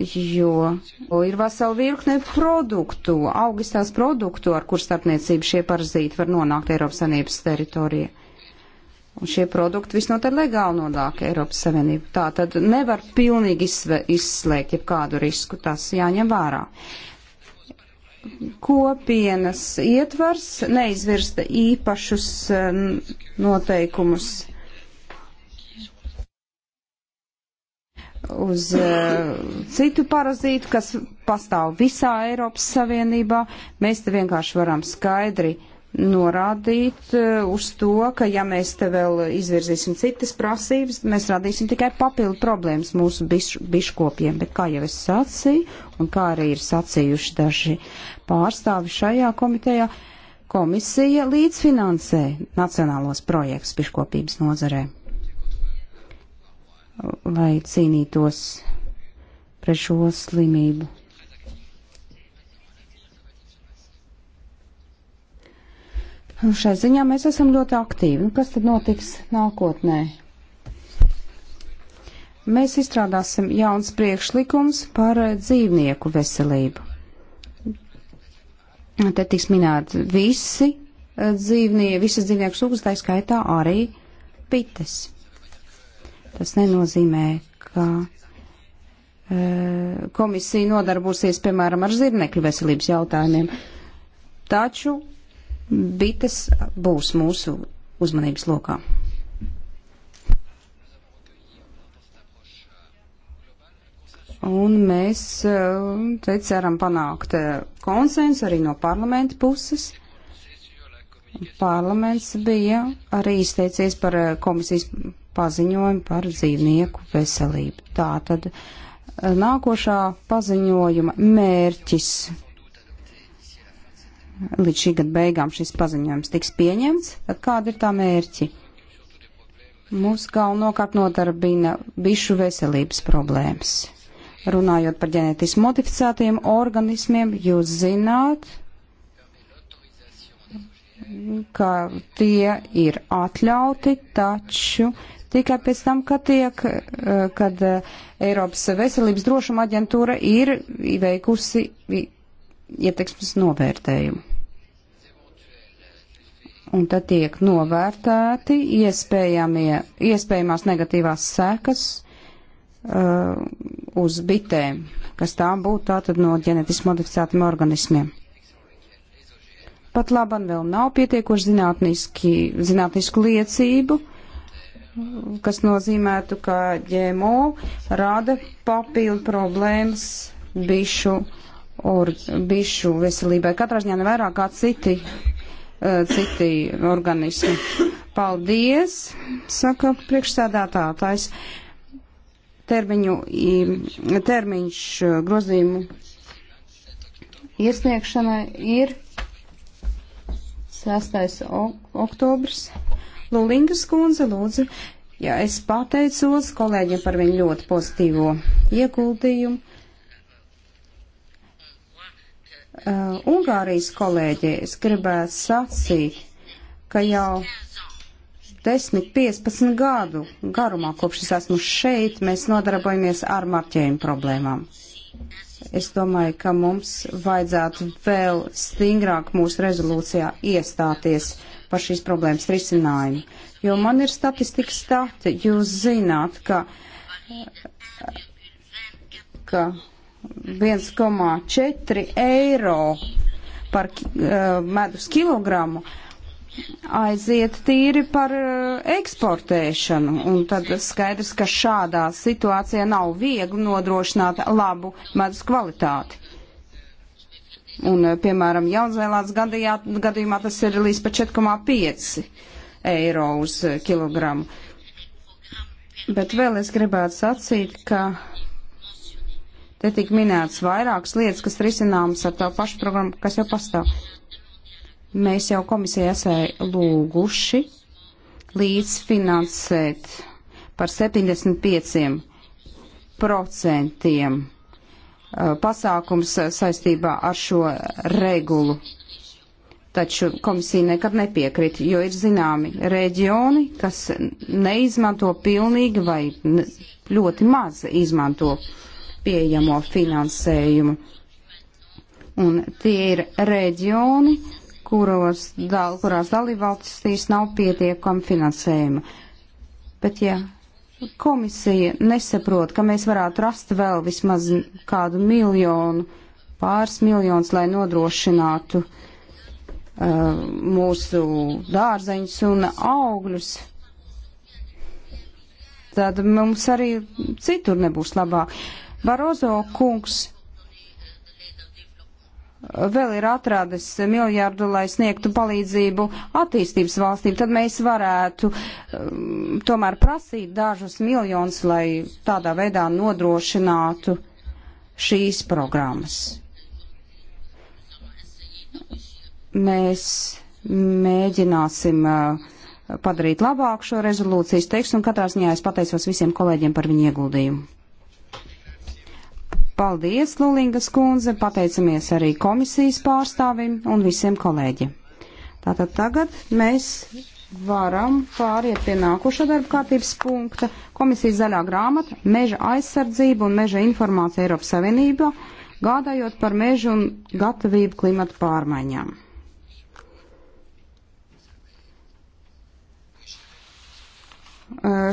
jo ir vesela virkne produktu, augstās produktu, ar kur starpniecību šie parazīti var nonākt Eiropas Savienības teritorijā. Un šie produkti visnotaļ legāli nonāk Eiropas Savienību. Tā tad nevar pilnīgi izslēgt jebkādu risku, tas jāņem vērā. Kopienas ietvars neizvirsta īpašus um, noteikumus uz uh, citu parazītu, kas pastāv visā Eiropas Savienībā. Mēs te vienkārši varam skaidri norādīt eh, uz to, ka ja mēs te vēl izvirzīsim citas prasības, mēs radīsim tikai papildu problēmas mūsu biš, biškopiem. Bet kā jau es sacīju, un kā arī ir sacījuši daži pārstāvi šajā komitejā, komisija līdzfinansē nacionālos projektus biškopības nozarē, lai cīnītos pret šo slimību. Šai ziņā mēs esam ļoti aktīvi. Nu, kas tad notiks nākotnē? Mēs izstrādāsim jauns priekšlikums par eh, dzīvnieku veselību. Te tiks minēti visi eh, dzīvnieki, visas dzīvnieku sugas, tā skaitā arī pites. Tas nenozīmē, ka eh, komisija nodarbosies, piemēram, ar zirnekļu veselības jautājumiem. Taču bites būs mūsu uzmanības lokā. Un mēs eh, te ceram panākt eh, konsensu arī no parlamenta puses. Parlaments bija arī izteicies par eh, komisijas paziņojumu par dzīvnieku veselību. Tātad nākošā paziņojuma mērķis līdz šī gada beigām šis paziņojums tiks pieņemts, tad kāda ir tā mērķi? Mūs galvenokārt nodarbina bišu veselības problēmas. Runājot par ģenētiski modificētiem organismiem, jūs zināt, ka tie ir atļauti, taču tikai pēc tam, kad tiek, kad eh, Eiropas veselības drošuma aģentūra ir veikusi ieteiksmes novērtējumu un tad tiek novērtēti iespējamās negatīvās sekas uh, uz bitēm, kas tā būtu tātad no ģenetiski modificētiem organismiem. Pat laban vēl nav pietiekoši zinātnisku liecību, kas nozīmētu, ka ģēmo rada papildu problēmas bišu, or, bišu veselībai. Katrā ziņā nevairāk kā citi Eh, citi organismi. Paldies, saka priekšstādātātājs. Termiņu, termiņš eh, grozījumu iesniegšanai ir 6. oktobrs. Lulingas kundze, lūdzu, ja es pateicos kolēģiem par viņu ļoti pozitīvo ieguldījumu uh, Ungārijas kolēģi, es gribētu sacīt, ka jau 10-15 gadu garumā, kopš es esmu šeit, mēs nodarbojamies ar marķējumu problēmām. Es domāju, ka mums vajadzētu vēl stingrāk mūsu rezolūcijā iestāties par šīs problēmas risinājumu. Jo man ir statistika stati, jūs zināt, ka, ka 1,4 eiro par eh, medus kilogramu aiziet tīri par eh, eksportēšanu. Un tad skaidrs, ka šādā situācijā nav viegli nodrošināt labu medus kvalitāti. Un, eh, piemēram, Jaunzēlāts gadījumā tas ir līdz pat 4,5 eiro uz kilogramu. Bet vēl es gribētu sacīt, ka Te tik minēts vairākas lietas, kas risināmas ar to pašu programmu, kas jau pastāv. Mēs jau komisijai esam lūguši līdzfinansēt par 75% uh, pasākums uh, saistībā ar šo regulu. Taču komisija nekad nepiekrita, jo ir zināmi reģioni, kas neizmanto pilnīgi vai ļoti maz izmanto pieejamo finansējumu. Un tie ir reģioni, kuros, dal, kurās dalībvalstīs nav pietiekama finansējuma. Bet ja komisija nesaprot, ka mēs varētu rast vēl vismaz kādu miljonu, pāris miljonus, lai nodrošinātu uh, mūsu dārzeņus un augļus, tad mums arī citur nebūs labāk. Uh, Barozo kungs vēl ir atradis miljārdu, lai sniegtu palīdzību attīstības valstīm, tad mēs varētu um, tomēr prasīt dažus miljonus, lai tādā veidā nodrošinātu šīs programmas. Mēs mēģināsim uh, padarīt labāk šo rezolūcijas tekstu, un katrā ziņā es pateicos visiem kolēģiem par viņu ieguldījumu. Paldies, Lulingas kundze, pateicamies arī komisijas pārstāvim un visiem kolēģiem. Tātad tagad mēs varam pāriet pie nākošā darba kārtības punkta - komisijas zaļā grāmata - meža aizsardzība un meža informācija Eiropas Savienībā, gādājot par mežu un gatavību klimatu pārmaiņām.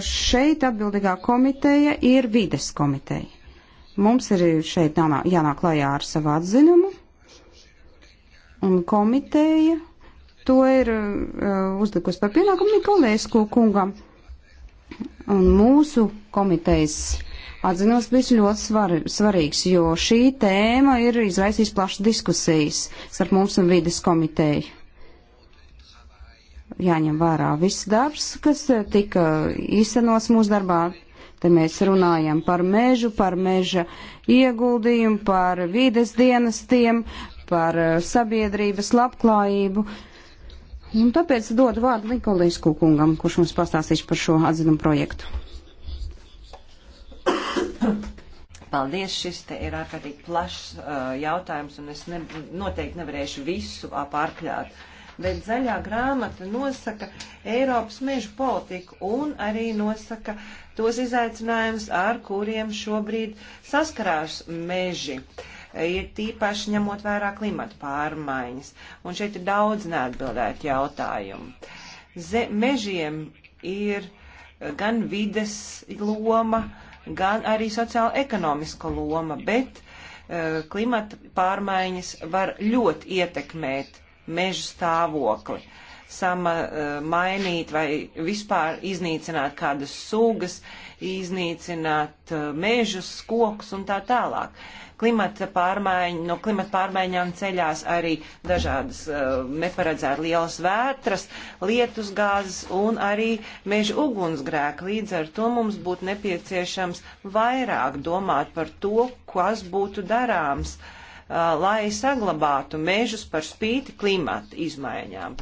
Šeit atbildīgā komiteja ir vides komiteja. Mums ir šeit jānāk klajā ar savu atzinumu, un komiteja to ir uh, uzlikusi par pienākumu Nikolēsku kungam. Un mūsu komitejas atzinos bija ļoti svar, svarīgs, jo šī tēma ir izraisījusi plašas diskusijas starp mums un vides komiteju. Jāņem vērā viss darbs, kas uh, tika īstenots mūsu darbā, Te mēs runājam par mežu, par meža ieguldījumu, par vides dienestiem, par eh, sabiedrības labklājību. Un tāpēc dodu vārdu Nikolais Kukungam, kurš mums pastāstīs par šo atzinumu projektu. Paldies, šis te ir ārkārtīgi plašs uh, jautājums, un es ne, noteikti nevarēšu visu apārkļāt. Uh, bet zaļā grāmata nosaka Eiropas mežu politiku un arī nosaka tos izaicinājumus, ar kuriem šobrīd saskarās meži. Ir tīpaši ņemot vērā klimata pārmaiņas. Un šeit ir daudz neatbildētu jautājumu. Ze mežiem ir gan vides loma, gan arī sociāla ekonomiska loma, bet uh, klimata pārmaiņas var ļoti ietekmēt mežu stāvokli, sama, eh, mainīt vai vispār iznīcināt kādas sugas, iznīcināt eh, mežus, kokus un tā tālāk. Klimata pārmaiņa, no klimata pārmaiņām ceļās arī dažādas eh, neparedzētas lielas vētras, lietus gāzes un arī meža ugunsgrēki. Līdz ar to mums būtu nepieciešams vairāk domāt par to, kas būtu darāms uh, Uh, lai saglabātu mežus par spīti klimata izmaiņām.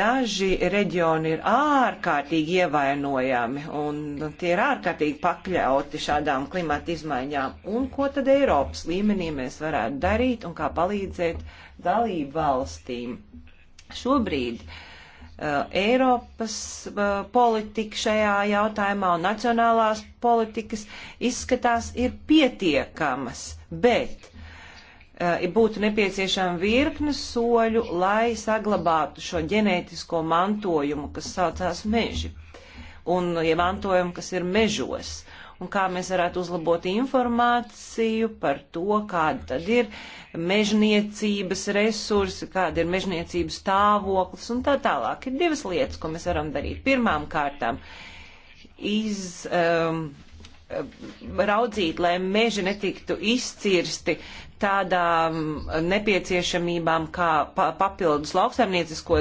Daži reģioni ir ārkārtīgi ievainojami un tie ir ārkārtīgi pakļauti šādām klimata izmaiņām. Un ko tad Eiropas līmenī mēs varētu darīt un kā palīdzēt dalību valstīm? Šobrīd uh, Uh, Eiropas uh, politika šajā jautājumā un nacionālās politikas izskatās ir pietiekamas, bet uh, būtu nepieciešama virkne soļu, lai saglabātu šo ģenētisko mantojumu, kas saucās meži, un ja mantojumu, kas ir mežos un kā mēs varētu uzlabot informāciju par to, kāda tad ir mežniecības resursi, kāda ir mežniecības stāvoklis un tā tālāk. Ir divas lietas, ko mēs varam darīt. Pirmām kārtām iz. Um, raudzīt, lai meži netiktu izcirsti tādām nepieciešamībām kā papildus lauksaimniecisko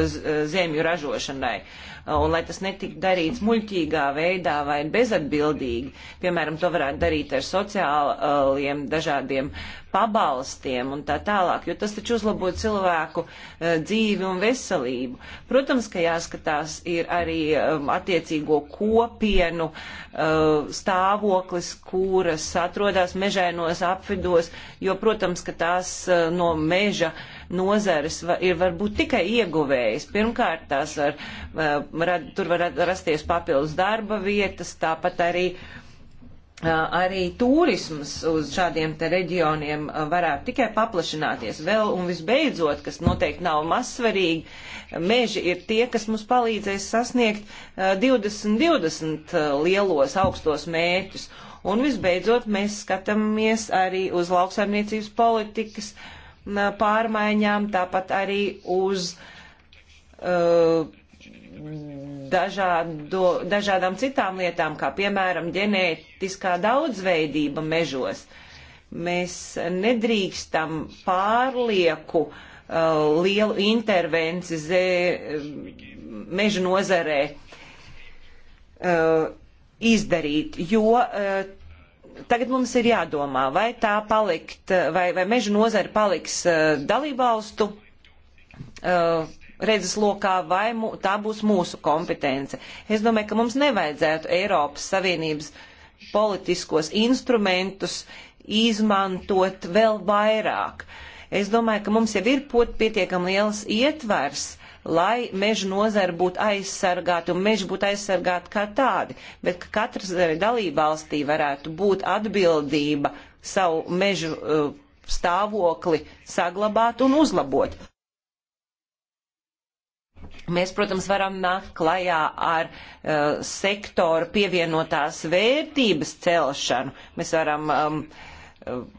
zemju ražošanai. Uh, Uh, un lai tas netiktu darīts muļķīgā veidā vai bezatbildīgi. Piemēram, to varētu darīt ar sociāliem dažādiem pabalstiem un tā tālāk, jo tas taču uzlabo cilvēku uh, dzīvi un veselību. Protams, ka jāskatās ir arī um, attiecīgo kopienu uh, stāvoklis, kuras atrodas mežainos apvidos, jo, protams, ka tās no meža uh, nozares ir varbūt tikai ieguvējas. Pirmkārt, tās var, rad, tur var rasties papildus darba vietas, tāpat arī. Arī turisms uz šādiem te reģioniem varētu tikai paplašināties vēl un visbeidzot, kas noteikti nav mazsvarīgi, meži ir tie, kas mums palīdzēs sasniegt 2020 lielos augstos mērķus. Un visbeidzot, mēs skatāmies arī uz lauksaimniecības politikas uh, pārmaiņām, tāpat arī uz uh, dažādo, dažādām citām lietām, kā piemēram ģenētiskā daudzveidība mežos. Mēs nedrīkstam pārlieku uh, lielu intervenci zē, uh, meža nozarē uh, izdarīt, jo uh, tagad mums ir jādomā, vai tā palikt, vai, vai meža nozara paliks eh, dalībvalstu eh, redzes lokā, vai mu, tā būs mūsu kompetence. Es domāju, ka mums nevajadzētu Eiropas Savienības politiskos instrumentus izmantot vēl vairāk. Es domāju, ka mums jau ir pietiekami liels ietvers lai meža nozara būtu aizsargāta un meža būtu aizsargāta kā tādi, bet ka katras eh, dalībvalstī varētu būt atbildība savu mežu uh, stāvokli saglabāt un uzlabot. Mēs, protams, varam nākt klajā ar uh, sektoru pievienotās vērtības celšanu. Mēs varam um,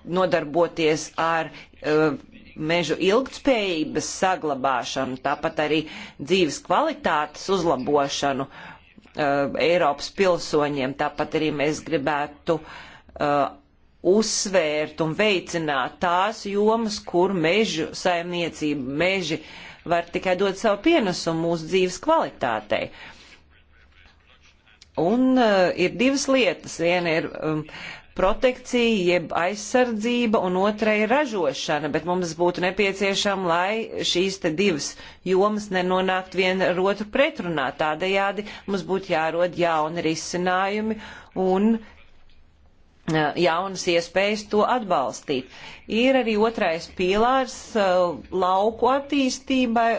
nodarboties ar uh, mežu ilgtspējības saglabāšanu, tāpat arī dzīves kvalitātes uzlabošanu uh, Eiropas pilsoņiem. Tāpat arī mēs gribētu uh, uzsvērt un veicināt tās jomas, kur mežu saimniecība, meži var tikai dot savu pienesumu mūsu dzīves kvalitātei. Un uh, ir divas lietas. Viena ir um, uh, protekcija, jeb aizsardzība, un otra ir ražošana, bet mums būtu nepieciešama, lai šīs te divas jomas nenonāktu viena ar otru pretrunā. Tādējādi mums būtu jārod jauni risinājumi un jaunas iespējas to atbalstīt. Ir arī otrais pīlārs lauku attīstībai,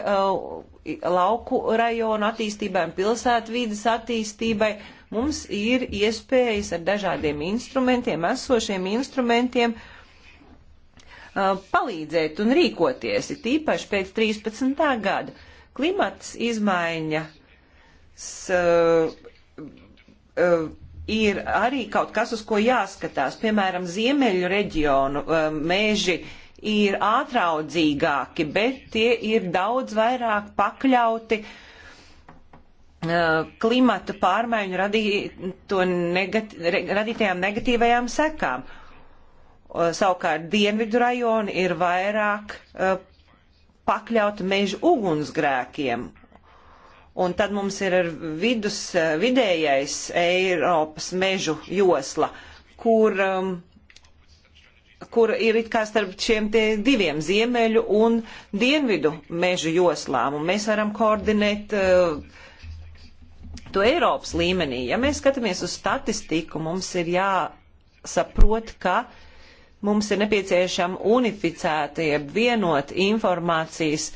lauku rajonu attīstībai un pilsētvidas attīstībai Mums ir iespējas ar dažādiem instrumentiem, esošiem instrumentiem uh, palīdzēt un rīkoties, ir tīpaši pēc 13. gada. Klimats izmaiņas uh, uh, ir arī kaut kas, uz ko jāskatās. Piemēram, ziemeļu reģionu meži ir ātraudzīgāki, bet tie ir daudz vairāk pakļauti uh, Eh, klimatu pārmaiņu radīto negati, radītajām negatīvajām sekām. Savukārt dienvidu rajoni ir vairāk uh, pakļauti mežu ugunsgrēkiem. Un tad mums ir vidus, eh, vidējais Eiropas mežu josla, kur, um, kur ir it kā starp šiem diviem ziemeļu un dienvidu mežu joslām. Un mēs varam koordinēt uh, to Eiropas līmenī. Ja mēs skatāmies uz statistiku, mums ir jāsaprot, ka mums ir nepieciešama unificēta, jeb vienot informācijas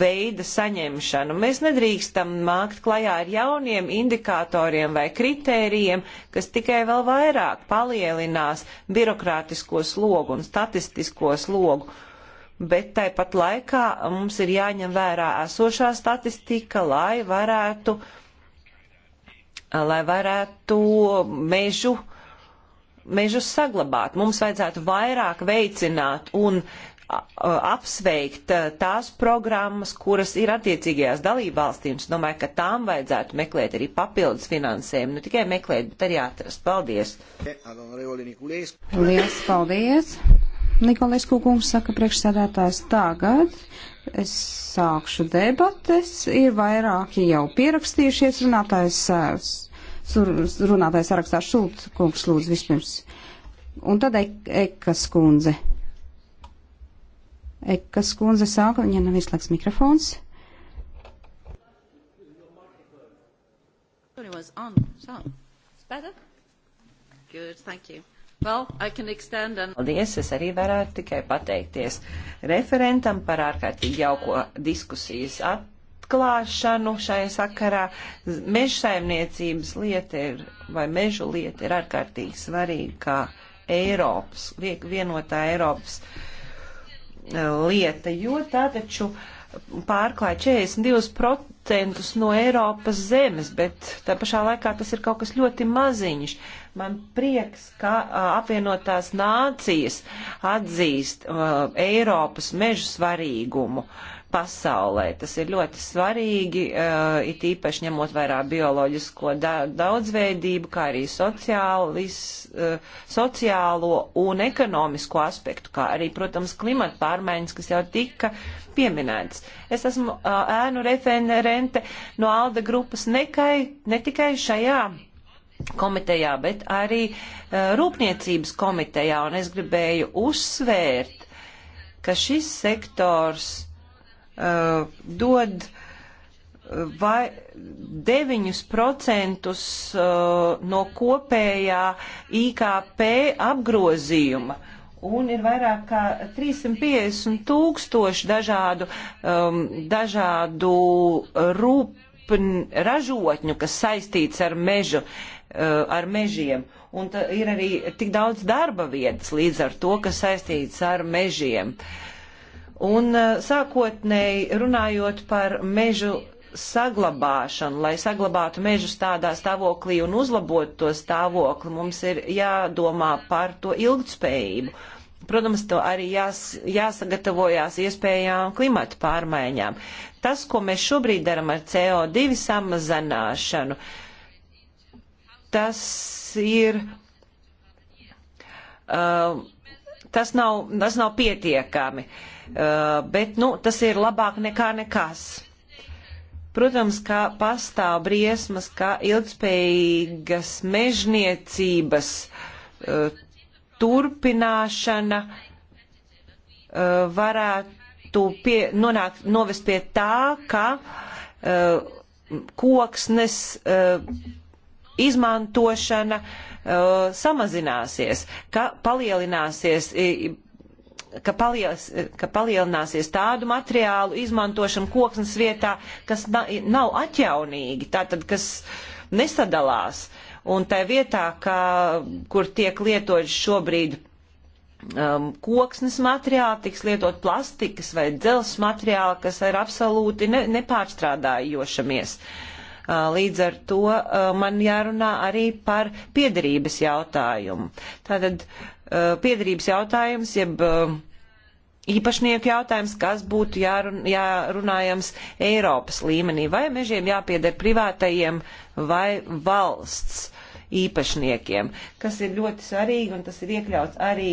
veida saņemšanu. Mēs nedrīkstam mākt klajā ar jauniem indikatoriem vai kritērijiem, kas tikai vēl vairāk palielinās birokrātisko slogu un statistisko slogu. Bet tāpat laikā mums ir jāņem vērā esošā statistika, lai varētu uh, lai varētu mežu, mežus saglabāt. Mums vajadzētu vairāk veicināt un apsveikt tās programmas, kuras ir attiecīgajās dalībvalstīm. Es domāju, ka tām vajadzētu meklēt arī papildus finansējumu. Ne tikai meklēt, bet arī atrast. Paldies! Lielas paldies! Nikolais Kūkungs saka priekšsēdētājs tagad. Es sākšu debates, ir vairāki jau pierakstījušies runātājs, runātājs sarakstā Šulta kungs lūdzu vispirms. Un tad ek, Ekas kundze. Ekas kundze sāka, viņai nav izslēgts mikrofons. Sorry, was on. So, it's better? Good, thank you. Well, and... Paldies, es arī varētu tikai pateikties referentam par ārkārtīgi jauko diskusijas atklāšanu šai sakarā. Meža saimniecības lieta ir, vai mežu lieta ir ārkārtīgi svarīga kā Eiropas, vienotā Eiropas eh, lieta, jo tā taču. Uh, pārklāj 42% no Eiropas zemes, bet tā pašā laikā tas ir kaut kas ļoti maziņš. Man prieks, ka a, apvienotās nācijas atzīst a, Eiropas mežu svarīgumu. A, pasaulē. Tas ir ļoti svarīgi, uh, it īpaši ņemot vairā bioloģisko da daudzveidību, kā arī sociālis, uh, sociālo un ekonomisko aspektu, kā arī, protams, klimata pārmaiņas, kas jau tika pieminētas. Es esmu uh, ēnu referente no Alda grupas nekai, ne tikai šajā komitejā, bet arī uh, rūpniecības komitejā, un es gribēju uzsvērt, ka šis sektors uh, dod uh, vai 9% uh, no kopējā IKP apgrozījuma. Un ir vairāk kā 350 tūkstoši dažādu, um, dažādu rūpn, ražotņu, kas saistīts ar mežu, uh, ar mežiem. Un ir arī tik daudz darba vietas līdz ar to, kas saistīts ar mežiem. Uh, Un eh, sākotnēji runājot par mežu saglabāšanu, lai saglabātu mežus tādā stāvoklī un uzlabotu to stāvokli, mums ir jādomā par to ilgtspējību. Protams, to arī jās, jāsagatavojās iespējām klimata pārmaiņām. Tas, ko mēs šobrīd darām ar CO2 samazināšanu, tas ir. Uh, tas, nav, tas nav pietiekami. Uh, Eh, bet nu, tas ir labāk nekā nekas. Protams, ka pastāv briesmas, ka ilgspējīgas mežniecības uh, turpināšana uh, varētu pie, nonākt, novest pie tā, ka uh, koksnes izmantošana samazināsies, ka palielināsies ka, paliels, ka palielināsies tādu materiālu izmantošana koksnes vietā, kas na, nav atjaunīgi, tātad, kas nesadalās. Un tā vietā, ka, kur tiek lietots šobrīd um, koksnes materiāli, tiks lietot plastikas vai dzels materiāli, kas ir absolūti ne, nepārstrādājošamies. Uh, līdz ar to uh, man jārunā arī par piederības jautājumu. Tātad, uh, Eh, piedarības jautājums, jeb eh, īpašnieku jautājums, kas būtu jārun, jārunājams Eiropas līmenī. Vai mežiem jāpieder privātajiem vai valsts īpašniekiem, kas ir ļoti svarīgi un tas ir iekļauts arī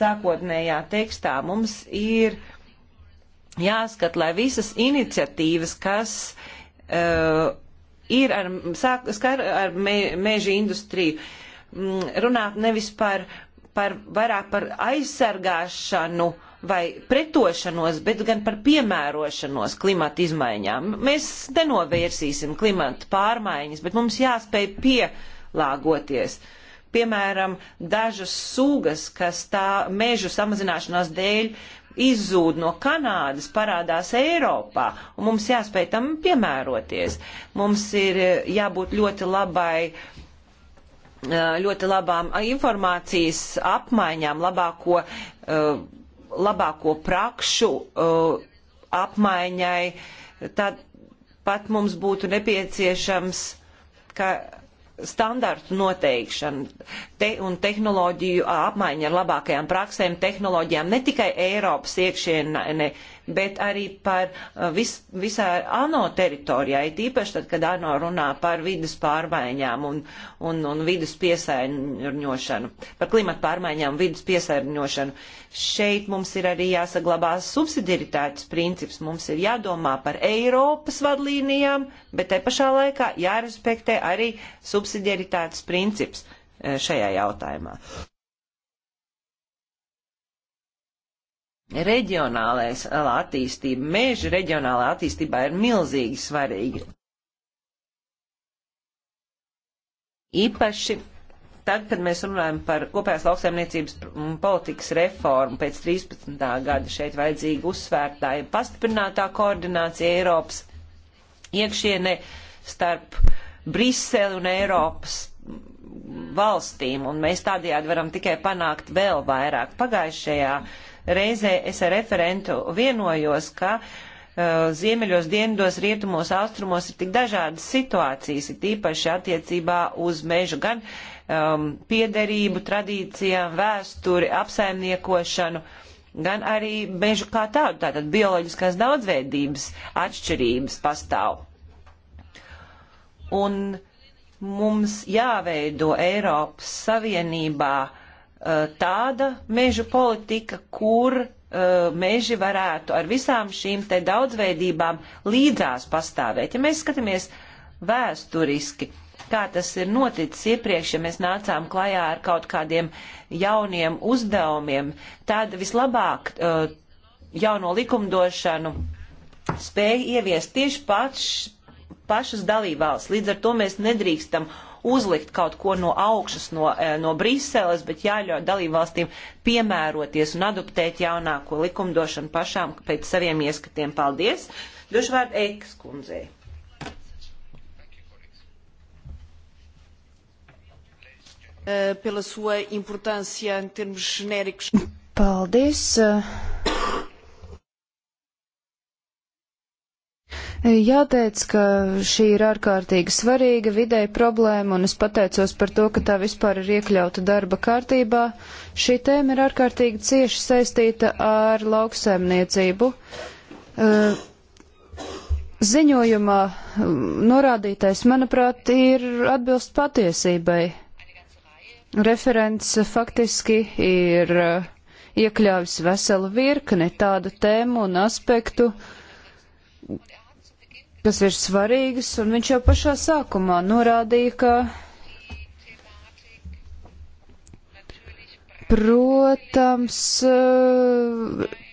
sākotnējā tekstā. Mums ir jāskat, lai visas iniciatīvas, kas uh, ir ar, sāk, skar ar me, meža industriju, mm, runāt nevis par uh, par vairāk par aizsargāšanu vai pretošanos, bet gan par piemērošanos klimata izmaiņām. Mēs nenovērsīsim klimata pārmaiņas, bet mums jāspēj pielāgoties. Piemēram, dažas sugas, kas tā mežu samazināšanās dēļ izzūd no Kanādas, parādās Eiropā, un mums jāspēj tam piemēroties. Mums ir jābūt ļoti labai ļoti labām informācijas apmaiņām, labāko, labāko prakšu apmaiņai, tad pat mums būtu nepieciešams standartu noteikšana te un tehnoloģiju apmaiņa ar labākajām praksēm, tehnoloģijām ne tikai Eiropas iekšienē, bet arī par uh, vis, visā ANO teritorijā, it īpaši tad, kad ANO runā par vidas pārmaiņām un, un, un vidas piesārņošanu, par klimatu pārmaiņām un vidas piesārņošanu. Šeit mums ir arī jāsaglabā subsidiaritātes princips, mums ir jādomā par Eiropas vadlīnijām, bet te pašā laikā jārespektē arī subsidiaritātes princips uh, šajā jautājumā. reģionālais attīstība, meža reģionālā attīstībā ir milzīgi svarīgi. Īpaši tad, kad mēs runājam par kopējās lauksaimniecības politikas reformu pēc 13. gada, šeit vajadzīga uzsvērtā ja pastiprinātā koordinācija Eiropas iekšienē starp Briseli un Eiropas valstīm, un mēs tādējādi varam tikai panākt vēl vairāk. Pagājušajā uh, reizē es ar referentu vienojos, ka uh, ziemeļos, dienvidos, rietumos, austrumos ir tik dažādas situācijas, ir tīpaši attiecībā uz mežu gan um, piederību, tradīcijām, vēsturi, apsaimniekošanu, gan arī mežu kā tādu, tātad bioloģiskās daudzveidības atšķirības pastāv. Un mums jāveido Eiropas Savienībā Eh, tāda mežu politika, kur eh, meži varētu ar visām šīm te daudzveidībām līdzās pastāvēt. Ja mēs skatāmies vēsturiski, kā tas ir noticis iepriekš, ja mēs nācām klajā ar kaut kādiem jauniem uzdevumiem, tad vislabāk eh, jauno likumdošanu spēja ieviest tieši paš, pašas dalībvalsts. Līdz ar to mēs nedrīkstam uzlikt kaut ko no augšas, no, e, no Briseles, bet jāļauj dalībvalstīm piemēroties un adoptēt jaunāko likumdošanu pašām pēc saviem ieskatiem. Paldies! Došu vārdu Eikas kundzei. Eh, pela sua importância em termos genéricos. Paldies! Eh, Jāteic, ka šī ir ārkārtīgi svarīga videi problēma, un es pateicos par to, ka tā vispār ir iekļauta darba kārtībā. Šī tēma ir ārkārtīgi cieši saistīta ar lauksaimniecību. Eh, ziņojumā mm, norādītais, manuprāt, ir atbilst patiesībai. Referents faktiski ir eh, iekļāvis veselu virkni tādu tēmu un aspektu, kas ir svarīgas, un viņš jau pašā sākumā norādīja, ka Protams,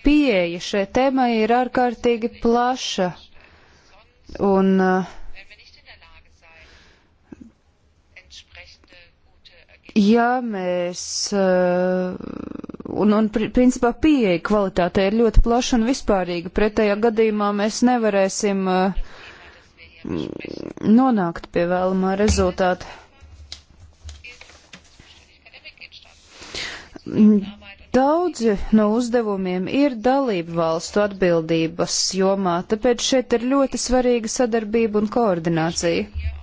pieeja šai tēmai ir ārkārtīgi plaša. Un, ja mēs un, un principā pieeja kvalitātei ir ļoti plaša un vispārīga. Pretējā gadījumā mēs nevarēsim uh, nonākt pie vēlamā rezultāta. Daudzi no uzdevumiem ir dalību valstu atbildības jomā, tāpēc šeit ir ļoti svarīga sadarbība un koordinācija.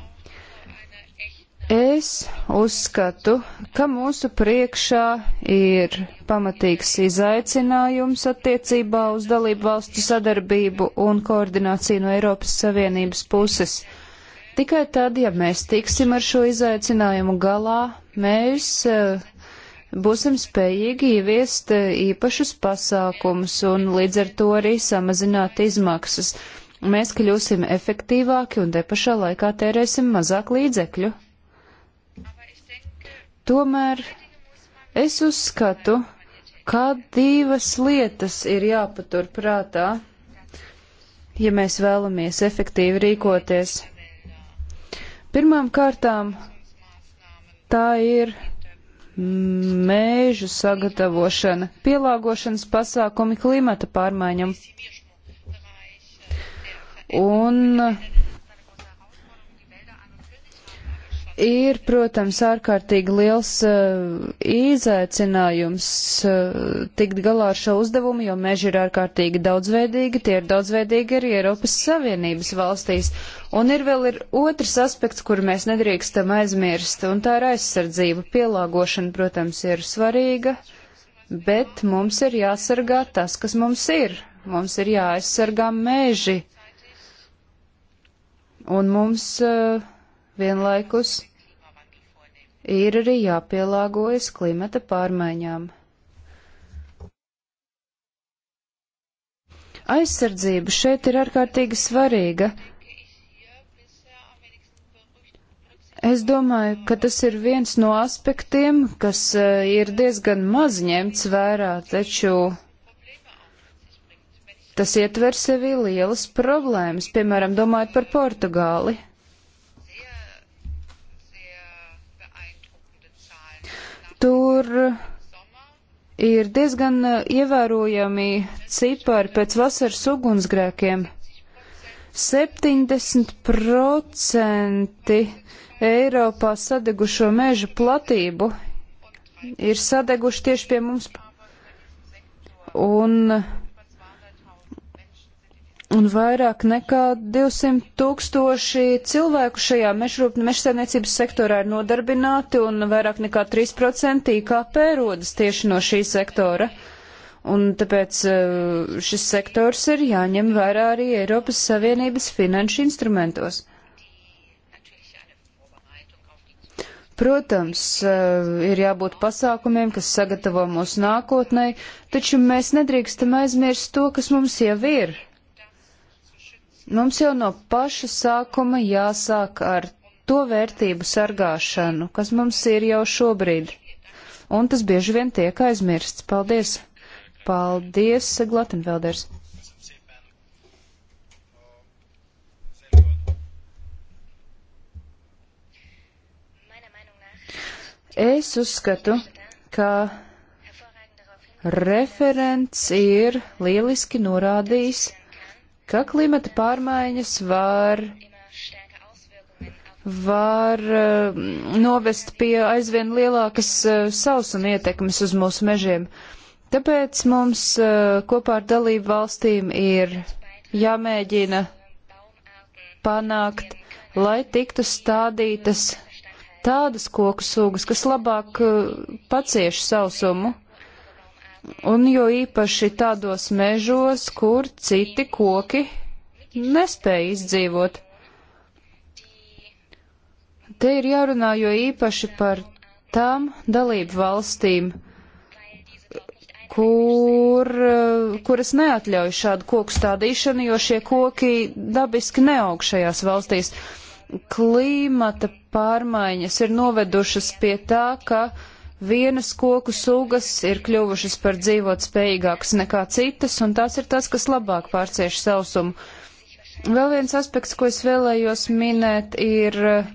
Es uzskatu, ka mūsu priekšā ir pamatīgs izaicinājums attiecībā uz dalību valstu sadarbību un koordināciju no Eiropas Savienības puses. Tikai tad, ja mēs tiksim ar šo izaicinājumu galā, mēs eh, būsim spējīgi ieviest eh, īpašus pasākumus un līdz ar to arī samazināt izmaksas. Mēs kļūsim efektīvāki un te pašā laikā tērēsim mazāk līdzekļu. Tomēr es uzskatu, ka divas lietas ir jāpatur prātā, ja mēs vēlamies efektīvi rīkoties. Pirmām kārtām tā ir mēžu sagatavošana, pielāgošanas pasākumi klimata pārmaiņam. Un ir, protams, ārkārtīgi liels uh, izaicinājums uh, tikt galā ar šo uzdevumu, jo meži ir ārkārtīgi daudzveidīgi, tie ir daudzveidīgi arī Eiropas Savienības valstīs. Un ir vēl ir otrs aspekts, kur mēs nedrīkstam aizmirst, un tā ir aizsardzība. Pielāgošana, protams, ir svarīga, bet mums ir jāsargā tas, kas mums ir. Mums ir jāaizsargā meži. Un mums. Uh, vienlaikus ir arī jāpielāgojas klimata pārmaiņām. Aizsardzība šeit ir ārkārtīgi svarīga. Es domāju, ka tas ir viens no aspektiem, kas eh, ir diezgan maz ņemts vērā, taču tas ietver sevi lielas problēmas, piemēram, domājot par Portugāli. Tur ir diezgan uh, ievērojami cipari pēc vasaras ugunsgrēkiem. 70% Eiropā sadegušo mežu platību ir sadeguši tieši pie mums. Un uh, Un vairāk nekā 200 tūkstoši cilvēku šajā mežsaimniecības sektorā ir nodarbināti, un vairāk nekā 3% IKP rodas tieši no šī sektora. Un tāpēc eh, šis sektors ir jāņem vērā arī Eiropas Savienības finanšu instrumentos. Protams, eh, ir jābūt pasākumiem, kas sagatavo mūsu nākotnē, taču mēs nedrīkstam aizmirst to, kas mums jau ir Mums jau no paša sākuma jāsāk ar to vērtību sargāšanu, kas mums ir jau šobrīd. Un tas bieži vien tiek aizmirsts. Paldies! Paldies, Glatenvelders! Es uzskatu, ka referents ir lieliski norādījis ka klimata pārmaiņas var var uh, novest pie aizvien lielākas uh, sausuma ietekmes uz mūsu mežiem. Tāpēc mums uh, kopā ar dalību valstīm ir jāmēģina panākt, lai tiktu stādītas tādas koku sugas, kas labāk pacieš sausumu un jo īpaši tādos mežos, kur citi koki nespēja izdzīvot. Te ir jārunā jo īpaši par tām dalību valstīm, kur, kuras neatļauj šādu koku stādīšanu, jo šie koki dabiski neaug šajās valstīs. Klimata pārmaiņas ir novedušas pie tā, ka uh, Vienas koku sugas ir kļuvušas par dzīvot spējīgākas nekā citas, un tās ir tās, kas labāk pārcieš sausumu. Vēl viens aspekts, ko es vēlējos minēt, ir eh,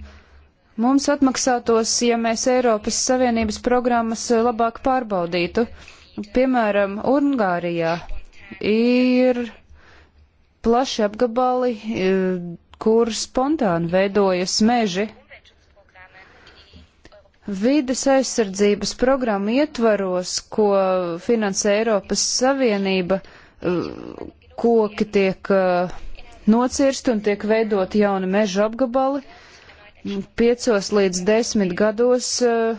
mums atmaksātos, ja mēs Eiropas Savienības programmas eh, labāk pārbaudītu. Piemēram, Ungārijā ir plaši apgabali, eh, kur spontāni veidojas meži Vides aizsardzības programma ietvaros, ko finansē Eiropas Savienība, eh, koki tiek eh, nocirsti un tiek veidoti jauni meža apgabali. Piecos līdz desmit gados eh,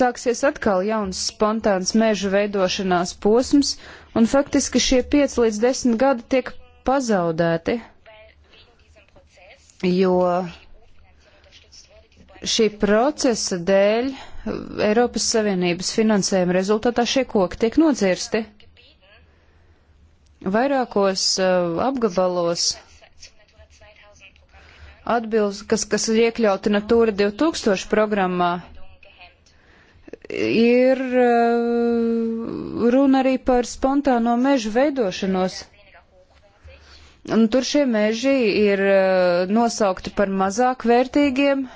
sāksies atkal jauns spontāns meža veidošanās posms, un faktiski šie 5 līdz 10 gadi tiek pazaudēti, jo šī procesa dēļ Eiropas Savienības finansējuma rezultātā šie koki tiek nodzirsti. Vairākos uh, apgabalos, atbilst, kas, kas ir iekļauti Natūra 2000 programmā, ir uh, runa arī par spontāno mežu veidošanos. Un tur šie meži ir uh, nosaukti par mazāk vērtīgiem,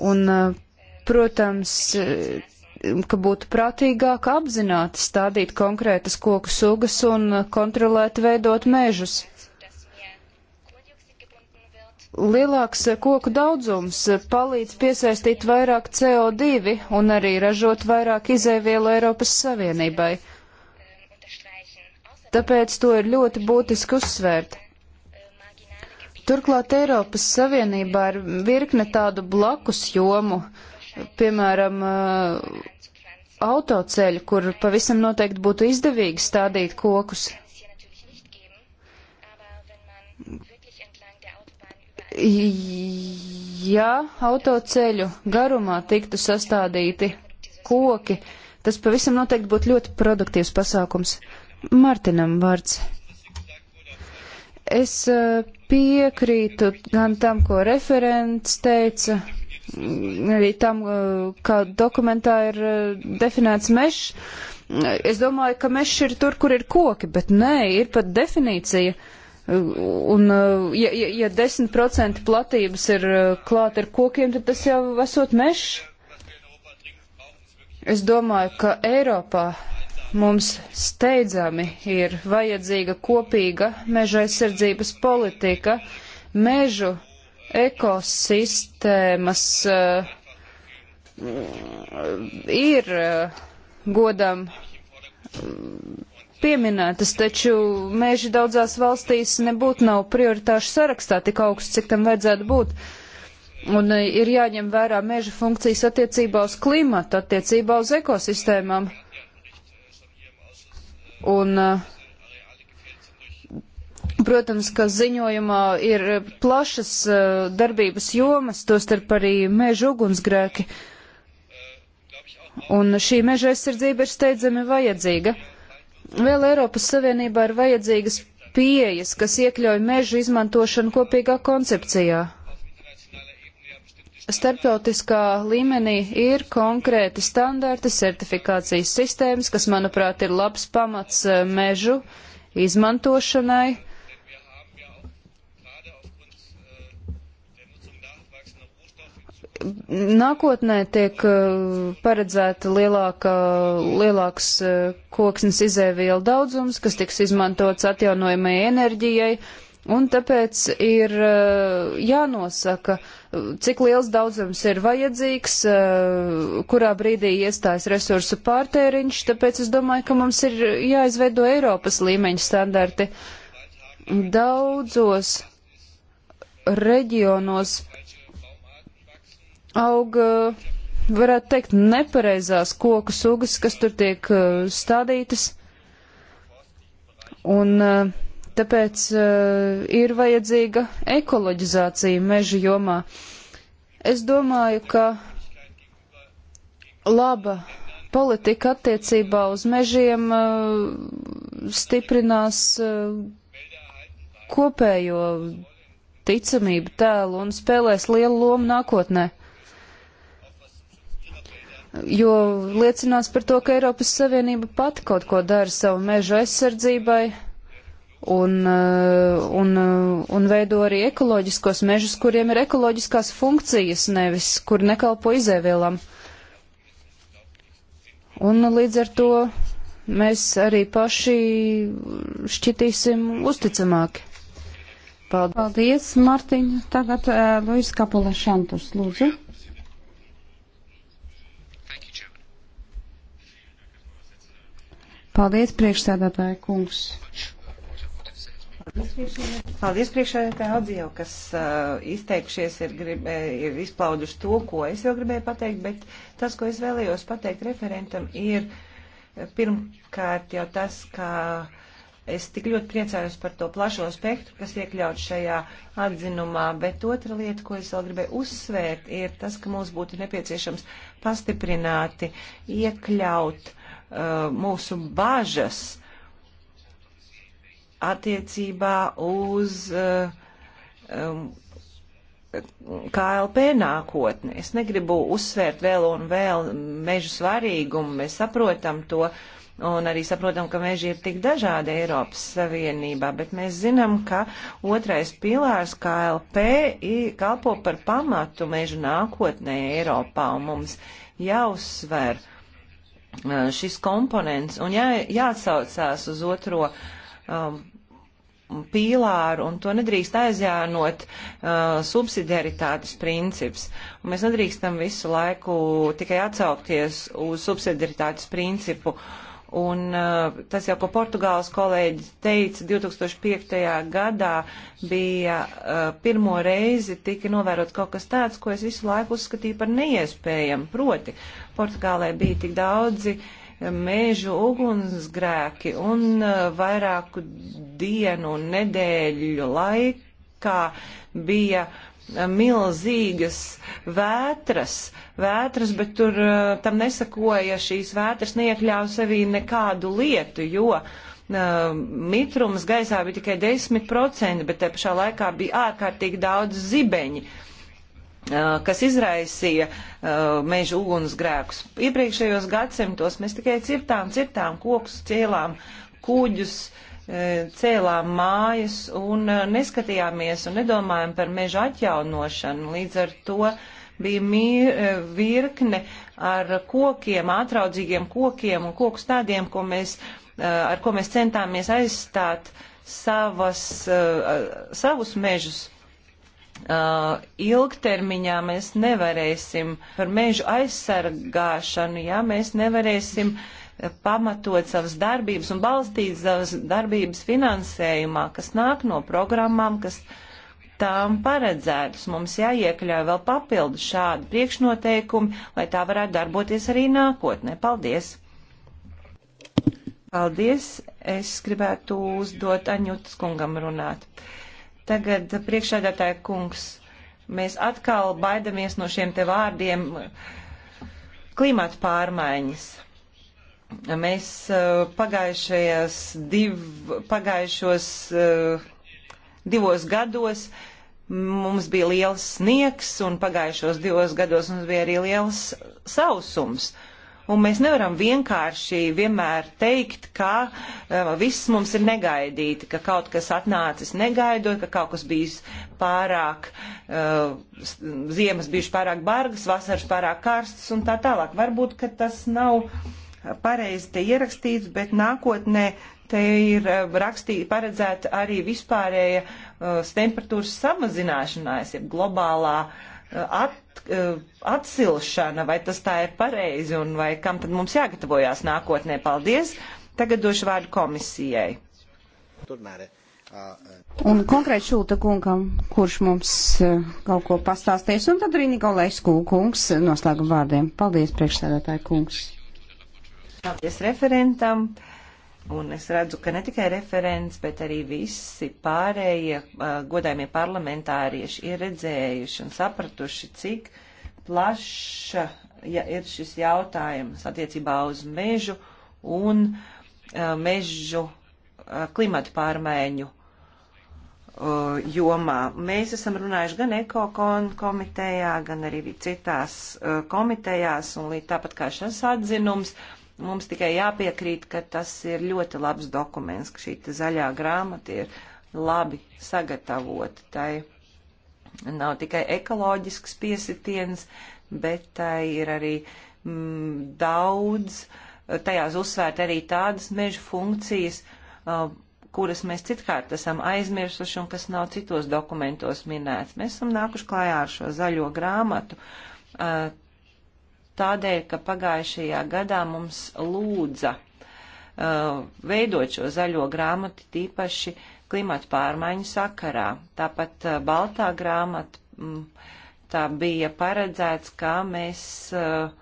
Un, eh, protams, eh, ka būtu prātīgāk apzināti stādīt konkrētas koku sugas un eh, kontrolēt veidot mežus. Lielāks koku daudzums palīdz piesaistīt vairāk CO2 un arī ražot vairāk izēvielu Eiropas Savienībai. Tāpēc to ir ļoti būtiski uzsvērt. Turklāt Eiropas Savienībā ir virkne tādu blakus jomu, piemēram, eh, autoceļu, kur pavisam noteikti būtu izdevīgi stādīt kokus. Ja autoceļu garumā tiktu sastādīti koki, tas pavisam noteikti būtu ļoti produktīvs pasākums. Martinam vārds. Es eh, piekrītu gan tam, ko referents teica, mm, arī tam, eh, kā dokumentā ir eh, definēts mežs. Es domāju, ka mežs ir tur, kur ir koki, bet nē, ir pat definīcija. Un, ja, ja, ja 10% platības ir klāta ar kokiem, tad tas jau esot mežs. Es domāju, ka Eiropā Mums steidzami ir vajadzīga kopīga meža aizsardzības politika, mežu ekosistēmas uh, ir uh, godam pieminētas, taču meži daudzās valstīs nebūtu nav prioritāšu sarakstā tik augsts, cik tam vajadzētu būt. Un eh, ir jāņem vērā meža funkcijas attiecībā uz klimatu, attiecībā uz ekosistēmām. Uh, Un, eh, protams, ka ziņojumā ir plašas eh, darbības jomas, tostarp arī meža ugunsgrēki. Un šī meža aizsardzība ir steidzami vajadzīga. Vēl Eiropas Savienībā ir vajadzīgas pieejas, kas iekļauj mežu izmantošanu kopīgā koncepcijā starptautiskā līmenī ir konkrēti standarti, certifikācijas sistēmas, kas, manuprāt, ir labs pamats eh, mežu izmantošanai. Nākotnē tiek eh, paredzēta lielāka, lielāks eh, koksnes izēvielu daudzums, kas tiks izmantots atjaunojamai enerģijai Un tāpēc ir eh, jānosaka, cik liels daudzums ir vajadzīgs, eh, kurā brīdī iestājas resursu pārtēriņš, tāpēc es domāju, ka mums ir jāizveido Eiropas līmeņa standarti. Daudzos reģionos aug, eh, varētu teikt, nepareizās koku sugas, kas tur tiek stādītas. Un uh, Tāpēc uh, ir vajadzīga ekoloģizācija meža jomā. Es domāju, ka laba politika attiecībā uz mežiem uh, stiprinās uh, kopējo ticamību tēlu un spēlēs lielu lomu nākotnē. Jo liecinās par to, ka Eiropas Savienība pat kaut ko dara savu mežu aizsardzībai, un, eh, un, eh, un veido arī ekoloģiskos mežus, kuriem ir ekoloģiskās funkcijas, nevis kur nekalpo izēvielam. Un līdz ar to mēs arī paši šķitīsim uzticamāki. Paldies, Paldies Mārtiņa. Tagad uh, Luis Kapula Šantus, lūdzu. Paldies, priekšsēdētāja kungs. Paldies priekšēdētāji Adzijo, kas uh, izteikušies ir, gribē, eh, ir izplauduši to, ko es jau gribēju pateikt, bet tas, ko es vēlējos pateikt referentam, ir eh, pirmkārt jau tas, ka es tik ļoti priecājos par to plašo spektru, kas iekļaut šajā atzinumā, bet otra lieta, ko es vēl gribēju uzsvērt, ir tas, ka mums būtu nepieciešams pastiprināti iekļaut uh, mūsu bažas attiecībā uz eh, um, KLP nākotni. Es negribu uzsvērt vēl un vēl mežu svarīgumu, mēs saprotam to un arī saprotam, ka meži ir tik dažādi Eiropas Savienībā, bet mēs zinām, ka otrais pilārs KLP kalpo par pamatu mežu nākotnē Eiropā un mums jāuzsver eh, šis komponents un jā, jāatsaucās uz otro uh, um, pīlāru, un to nedrīkst aizjānot uh, subsidiaritātes princips. Un mēs nedrīkstam visu laiku tikai atsaukties uz subsidiaritātes principu. Un uh, tas jau, ko Portugāles kolēģis teica, 2005. gadā bija uh, pirmo reizi tika novērot kaut kas tāds, ko es visu laiku uzskatīju par neiespējamu. Proti, Portugālē bija tik daudzi uh, mēžu ugunsgrēki un uh, vairāku dienu un nedēļu laikā bija uh, milzīgas vētras, vētras, bet tur uh, tam nesakoja šīs vētras, neiekļāva sevī nekādu lietu, jo uh, mitrums gaisā bija tikai 10%, bet te pašā laikā bija ārkārtīgi daudz zibeņi. Uh, Uh, kas izraisīja uh, meža ugunsgrēkus. Iepriekšējos gadsimtos mēs tikai cirtām, cirtām kokus, cēlām kuģus, uh, cēlām mājas un uh, neskatījāmies un nedomājām par meža atjaunošanu. Līdz ar to bija mīr, virkne ar kokiem, atraudzīgiem kokiem un koku stādiem, ko mēs, ar ko mēs centāmies aizstāt savas, savus mežus Uh, ilgtermiņā mēs nevarēsim par mežu aizsargāšanu, ja mēs nevarēsim uh, pamatot savas darbības un balstīt savas darbības finansējumā, kas nāk no programmām, kas tām paredzētas. Mums jāiekļauj vēl papildu šādi priekšnoteikumi, lai tā varētu darboties arī nākotnē. Paldies! Paldies! Es gribētu uzdot Aņutas kungam runāt. Uh, Tagad priekšēdētāja kungs, mēs atkal baidamies no šiem te vārdiem klimata pārmaiņas. Mēs eh, pagājušajos, div, pagājušos eh, divos gados mums bija liels sniegs un pagājušos divos gados mums bija arī liels sausums. Uh, un mēs nevaram vienkārši vienmēr teikt, ka uh, viss mums ir negaidīti, ka kaut kas atnācis negaidot, ka kaut kas bijis pārāk, uh, ziemas bijuši pārāk bargas, vasaras pārāk karstas un tā tālāk. Varbūt, ka tas nav pareizi te ierakstīts, bet nākotnē te ir eh, rakstī, paredzēta arī vispārēja uh, temperatūras samazināšanās, jeb globālā uh, at, Eh, atsilšana, vai tas tā ir pareizi un vai kam tad mums jāgatavojās nākotnē. Paldies! Tagad došu vārdu komisijai. Turnāre. E. Un konkrēti Šulta kungam, kurš mums e, kaut ko pastāstīs, un tad arī Nikolais kungs noslēguma vārdiem. Paldies, priekšsēdētāji kungs. Paldies referentam. Un es redzu, ka ne tikai referents, bet arī visi pārējie godājumie parlamentārieši ir redzējuši un sapratuši, cik plaša ja ir šis jautājums attiecībā uz mežu un mežu klimatu pārmaiņu jomā. Mēs esam runājuši gan ekokon komitejā, gan arī citās komitejās, un līdz tāpat kā šis atzinums, uh, Mums tikai jāpiekrīt, ka tas ir ļoti labs dokuments, ka šī zaļā grāmata ir labi sagatavota. Tai nav tikai ekoloģisks piesitiens, bet tai ir arī mm, daudz, tajās uzsvērt arī tādas meža funkcijas, uh, kuras mēs citkārt esam aizmirsuši un kas nav citos dokumentos minēts. Mēs esam nākuši klājā ar šo zaļo grāmatu. Uh, tādēļ, ka pagājušajā gadā mums lūdza uh, veidot šo zaļo grāmatu tīpaši klimata pārmaiņu sakarā. Tāpat uh, baltā grāmata, m, mm, tā bija paredzēts, kā mēs uh,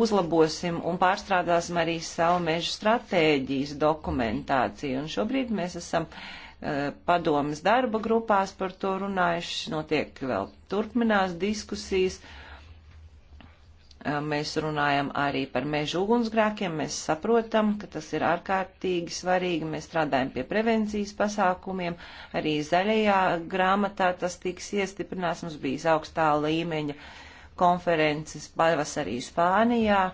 uzlabosim un pārstrādāsim arī savu mežu stratēģijas dokumentāciju. Un šobrīd mēs esam uh, padomas darba grupās par to runājuši, notiek vēl turpminās diskusijas. Uh, Mēs runājam arī par mežu ugunsgrākiem, mēs saprotam, ka tas ir ārkārtīgi svarīgi, mēs strādājam pie prevencijas pasākumiem, arī zaļajā grāmatā tas tiks iestiprināts, mums bija augstā līmeņa konferences pavasarī Spānijā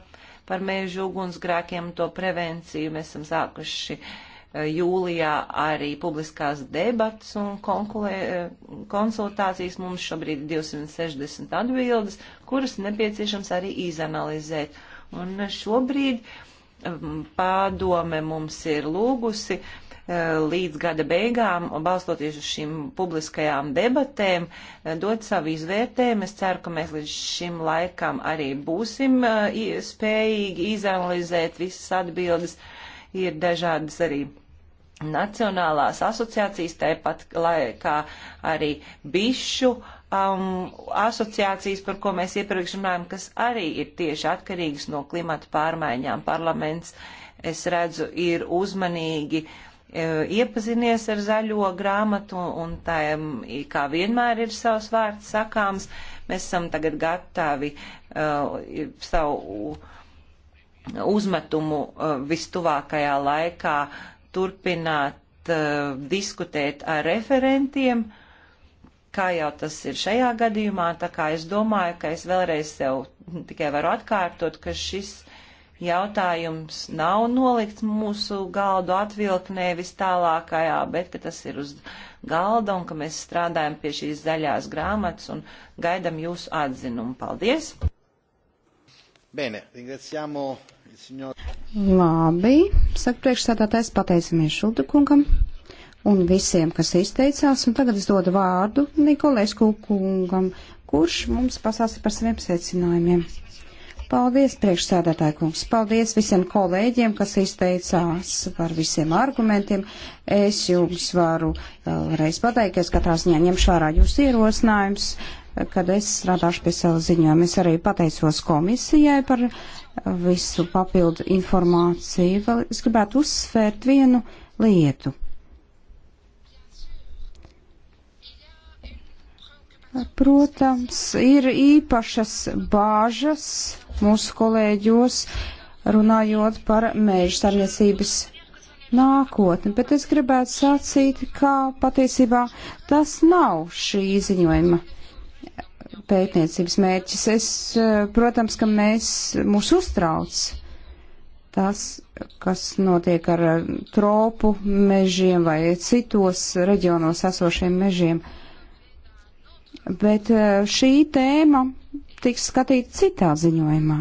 par mežu ugunsgrākiem un to prevenciju, mēs esam sākuši uh, jūlijā arī publiskās debatas un konkulē, konsultācijas. Mums šobrīd ir 260 atbildes, kuras nepieciešams arī izanalizēt. Un šobrīd um, pādome mums ir lūgusi uh, līdz gada beigām, balstoties uz šīm publiskajām debatēm, uh, dot savu izvērtējumu. Es ceru, ka mēs līdz šim laikam arī būsim uh, spējīgi izanalizēt visas atbildes. Ir dažādas arī uh, Nacionālās asociācijas, tāpat kā arī bišu um, asociācijas, par ko mēs iepriekš runājam, kas arī ir tieši atkarīgas no klimata pārmaiņām. Parlaments, es redzu, ir uzmanīgi e, iepazinies ar zaļo grāmatu un tām, kā vienmēr ir savs vārds sakāms, mēs esam tagad gatavi uh, savu uzmetumu uh, vistuvākajā laikā uh, turpināt uh, diskutēt ar referentiem, kā jau tas ir šajā gadījumā, tā kā es domāju, ka es vēlreiz sev tikai varu atkārtot, ka šis jautājums nav nolikts mūsu galdu atvilknē vis tālākajā, bet ka tas ir uz galda un ka mēs strādājam pie šīs zaļās grāmatas un gaidam jūsu atzinumu. Paldies! Bene, ringraziamo Labi, saka priekšsēdātājs, pateicamies Šuldukungam un visiem, kas izteicās, un tagad es dodu vārdu Nikolēsku kungam, kurš mums pasāsta par saviem secinājumiem. Paldies, priekšsēdētāji kungs, paldies visiem kolēģiem, kas izteicās par visiem argumentiem. Es jums varu eh, vēlreiz pateikt, ka es katrā ziņā ņemšu vērā jūs ierosinājums, kad es strādāšu pie sava ziņojuma. Es arī pateicos komisijai par visu papildu informāciju, vēl es gribētu uzsvērt vienu lietu. Protams, ir īpašas bāžas mūsu kolēģos runājot par mēža saimniecības nākotni, bet es gribētu sacīt, ka patiesībā tas nav šī ziņojuma pētniecības mērķis. Es, eh, protams, ka mēs, mūs uztrauc tas, kas notiek ar eh, tropu mežiem vai citos reģionos esošiem mežiem. Bet eh, šī tēma tiks skatīta citā ziņojumā.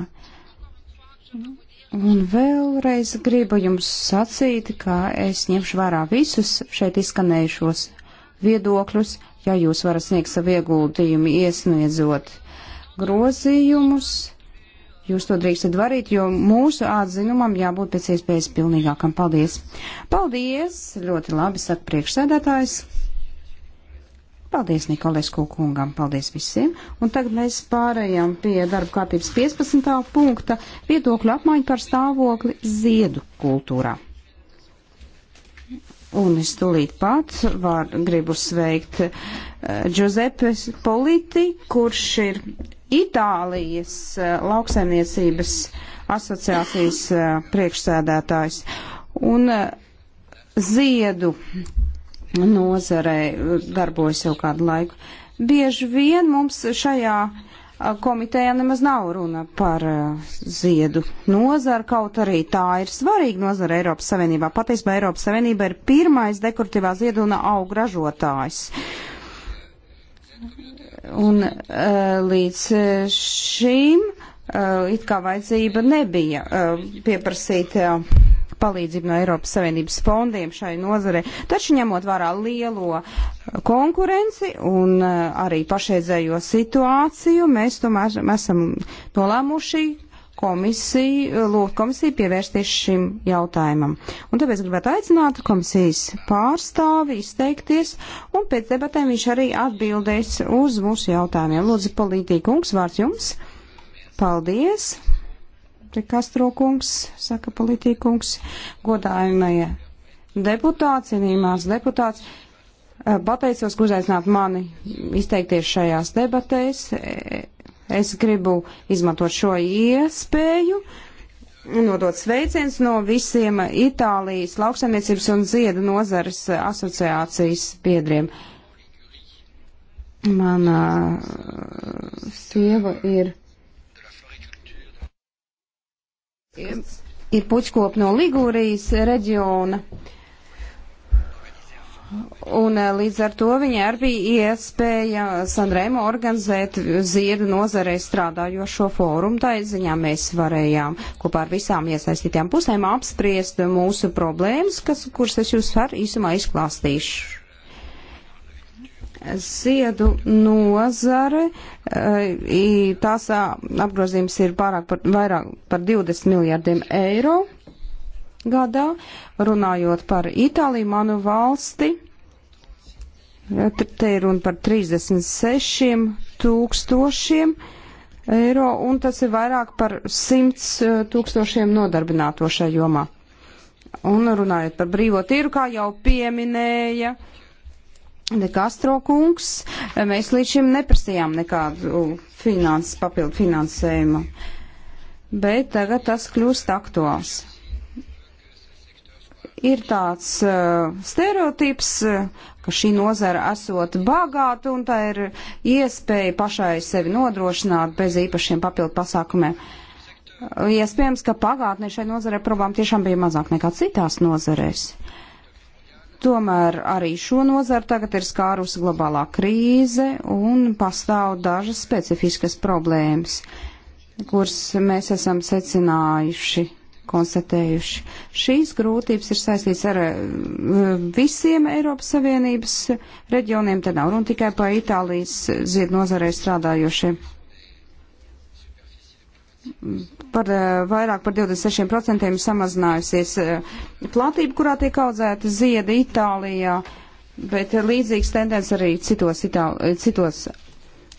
Un vēlreiz gribu jums sacīt, ka es ņemšu vērā visus šeit izskanējušos viedokļus, ja jūs varat sniegt savu ieguldījumu iesniedzot grozījumus, jūs to drīkstat darīt, jo mūsu atzinumam jābūt pēc iespējas pilnīgākam. Paldies! Paldies! Ļoti labi saka priekšsēdētājs. Paldies Nikolesku kungam, paldies visiem. Un tagad mēs pārējām pie darba kārtības 15. punkta viedokļu apmaiņu par stāvokli ziedu kultūrā. Un es tūlīt pat var, gribu sveikt uh, Giuseppe Politi, kurš ir Itālijas uh, lauksaimniecības asociācijas uh, priekšsēdētājs. Un uh, ziedu nozarē darbojas jau kādu laiku. Bieži vien mums šajā uh, komitejā nemaz nav runa par e, ziedu nozaru, kaut arī tā ir svarīga nozara Eiropas Savienībā. Patiesībā Eiropas Savienība ir pirmais dekoratīvā ziedu un augu ražotājs. Un e, līdz šim e, it kā vajadzība nebija pieprasīt palīdzību no Eiropas Savienības fondiem šai nozare, taču ņemot vērā lielo konkurenci un eh, arī pašreizējo situāciju, mēs tomēr esam nolēmuši komisiju, lūgt komisiju pievērsties šim jautājumam. Un tāpēc gribētu aicināt komisijas pārstāvi izteikties, un pēc debatēm viņš arī atbildēs uz mūsu jautājumiem. Lūdzu, politīkungs, vārds jums. Paldies! De Castro kungs, saka politīkungs, godājumie deputāti, cienījumās deputāts. Eh, pateicos, ka uzaicināt mani izteikties šajās debatēs. Eh, es gribu izmantot šo iespēju, nodot sveiciens no visiem Itālijas lauksaimniecības un ziedu nozares asociācijas biedriem. Mana eh, sieva ir ir puķkop no Ligūrijas reģiona. Un eh, līdz ar to viņai arī bija iespēja Sanremo organizēt ziedu nozarei strādājošo fórumu. Tā ziņā mēs varējām kopā ar visām iesaistītām pusēm apspriest mūsu problēmas, kas, kuras es jūs ar īsumā izklāstīšu ziedu nozare, eh, tās apgrozījums ir pārāk par, vairāk par 20 miljārdiem eiro gadā. Runājot par Itāliju, manu valsti, eh, te ir runa par 36 tūkstošiem eiro, un tas ir vairāk par 100 eh, tūkstošiem nodarbināto šajā jomā. Un runājot par brīvo tirgu, kā jau pieminēja, uh, Dekastro kungs, mēs līdz šim neprasījām nekādu finanses, papildu finansējumu, bet tagad tas kļūst aktuāls. Ir tāds uh, stereotips, uh, ka šī nozara esot bagāta un tā ir iespēja pašai sevi nodrošināt bez īpašiem papildu pasākumiem. Uh, iespējams, ka pagātnē šai nozarei problēma tiešām bija mazāk nekā citās nozarēs. Uh, Tomēr arī šo nozaru tagad ir skārusi globālā krīze un pastāv dažas specifiskas problēmas, kuras mēs esam secinājuši, konstatējuši. Šīs grūtības ir saistīts ar eh, visiem Eiropas Savienības reģioniem, te nav runa tikai par Itālijas ziednozarei strādājošiem par eh, vairāk par 26% samazinājusies eh, platība, kurā tiek audzēta ziedi Itālijā, bet līdzīgs tendence arī citos, Itāli, eh, citos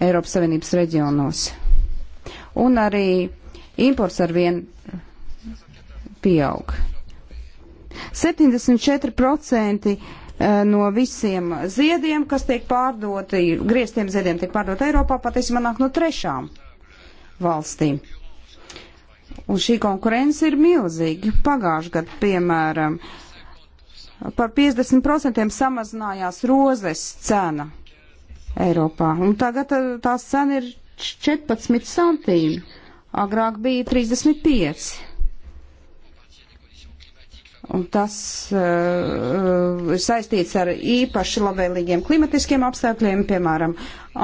Eiropas Savienības reģionos. Un arī imports ar vien pieaug. 74% no visiem ziediem, kas tiek pārdoti, grieztiem ziediem tiek pārdot Eiropā, patiesībā nāk no trešām valstīm. Un šī konkurence ir milzīga. Pagājuši gadu, piemēram, par 50% samazinājās rozes cena Eiropā. Un tagad eh, tās cena ir 14 centīmi. Agrāk bija 35. Un tas uh, ir saistīts ar īpaši labvēlīgiem klimatiskiem apstākļiem, piemēram,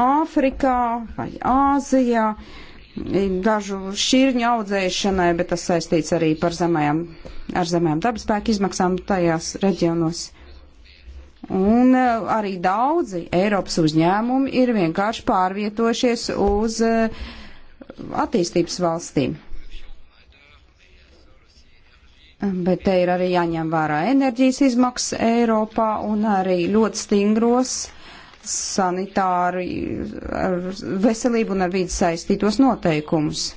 Āfrikā vai Āzijā. Uh, dažu šķirņu audzēšanai, bet tas saistīts arī par zemējām, ar zemējām dabaspēku izmaksām tajās reģionos. Un eh, arī daudzi Eiropas uzņēmumi ir vienkārši pārvietojušies uz eh, attīstības valstīm. Bet te ir arī jāņem vērā enerģijas izmaksas Eiropā un arī ļoti stingros uh, sanitāri, ar veselību un ar vīdu saistītos noteikumus.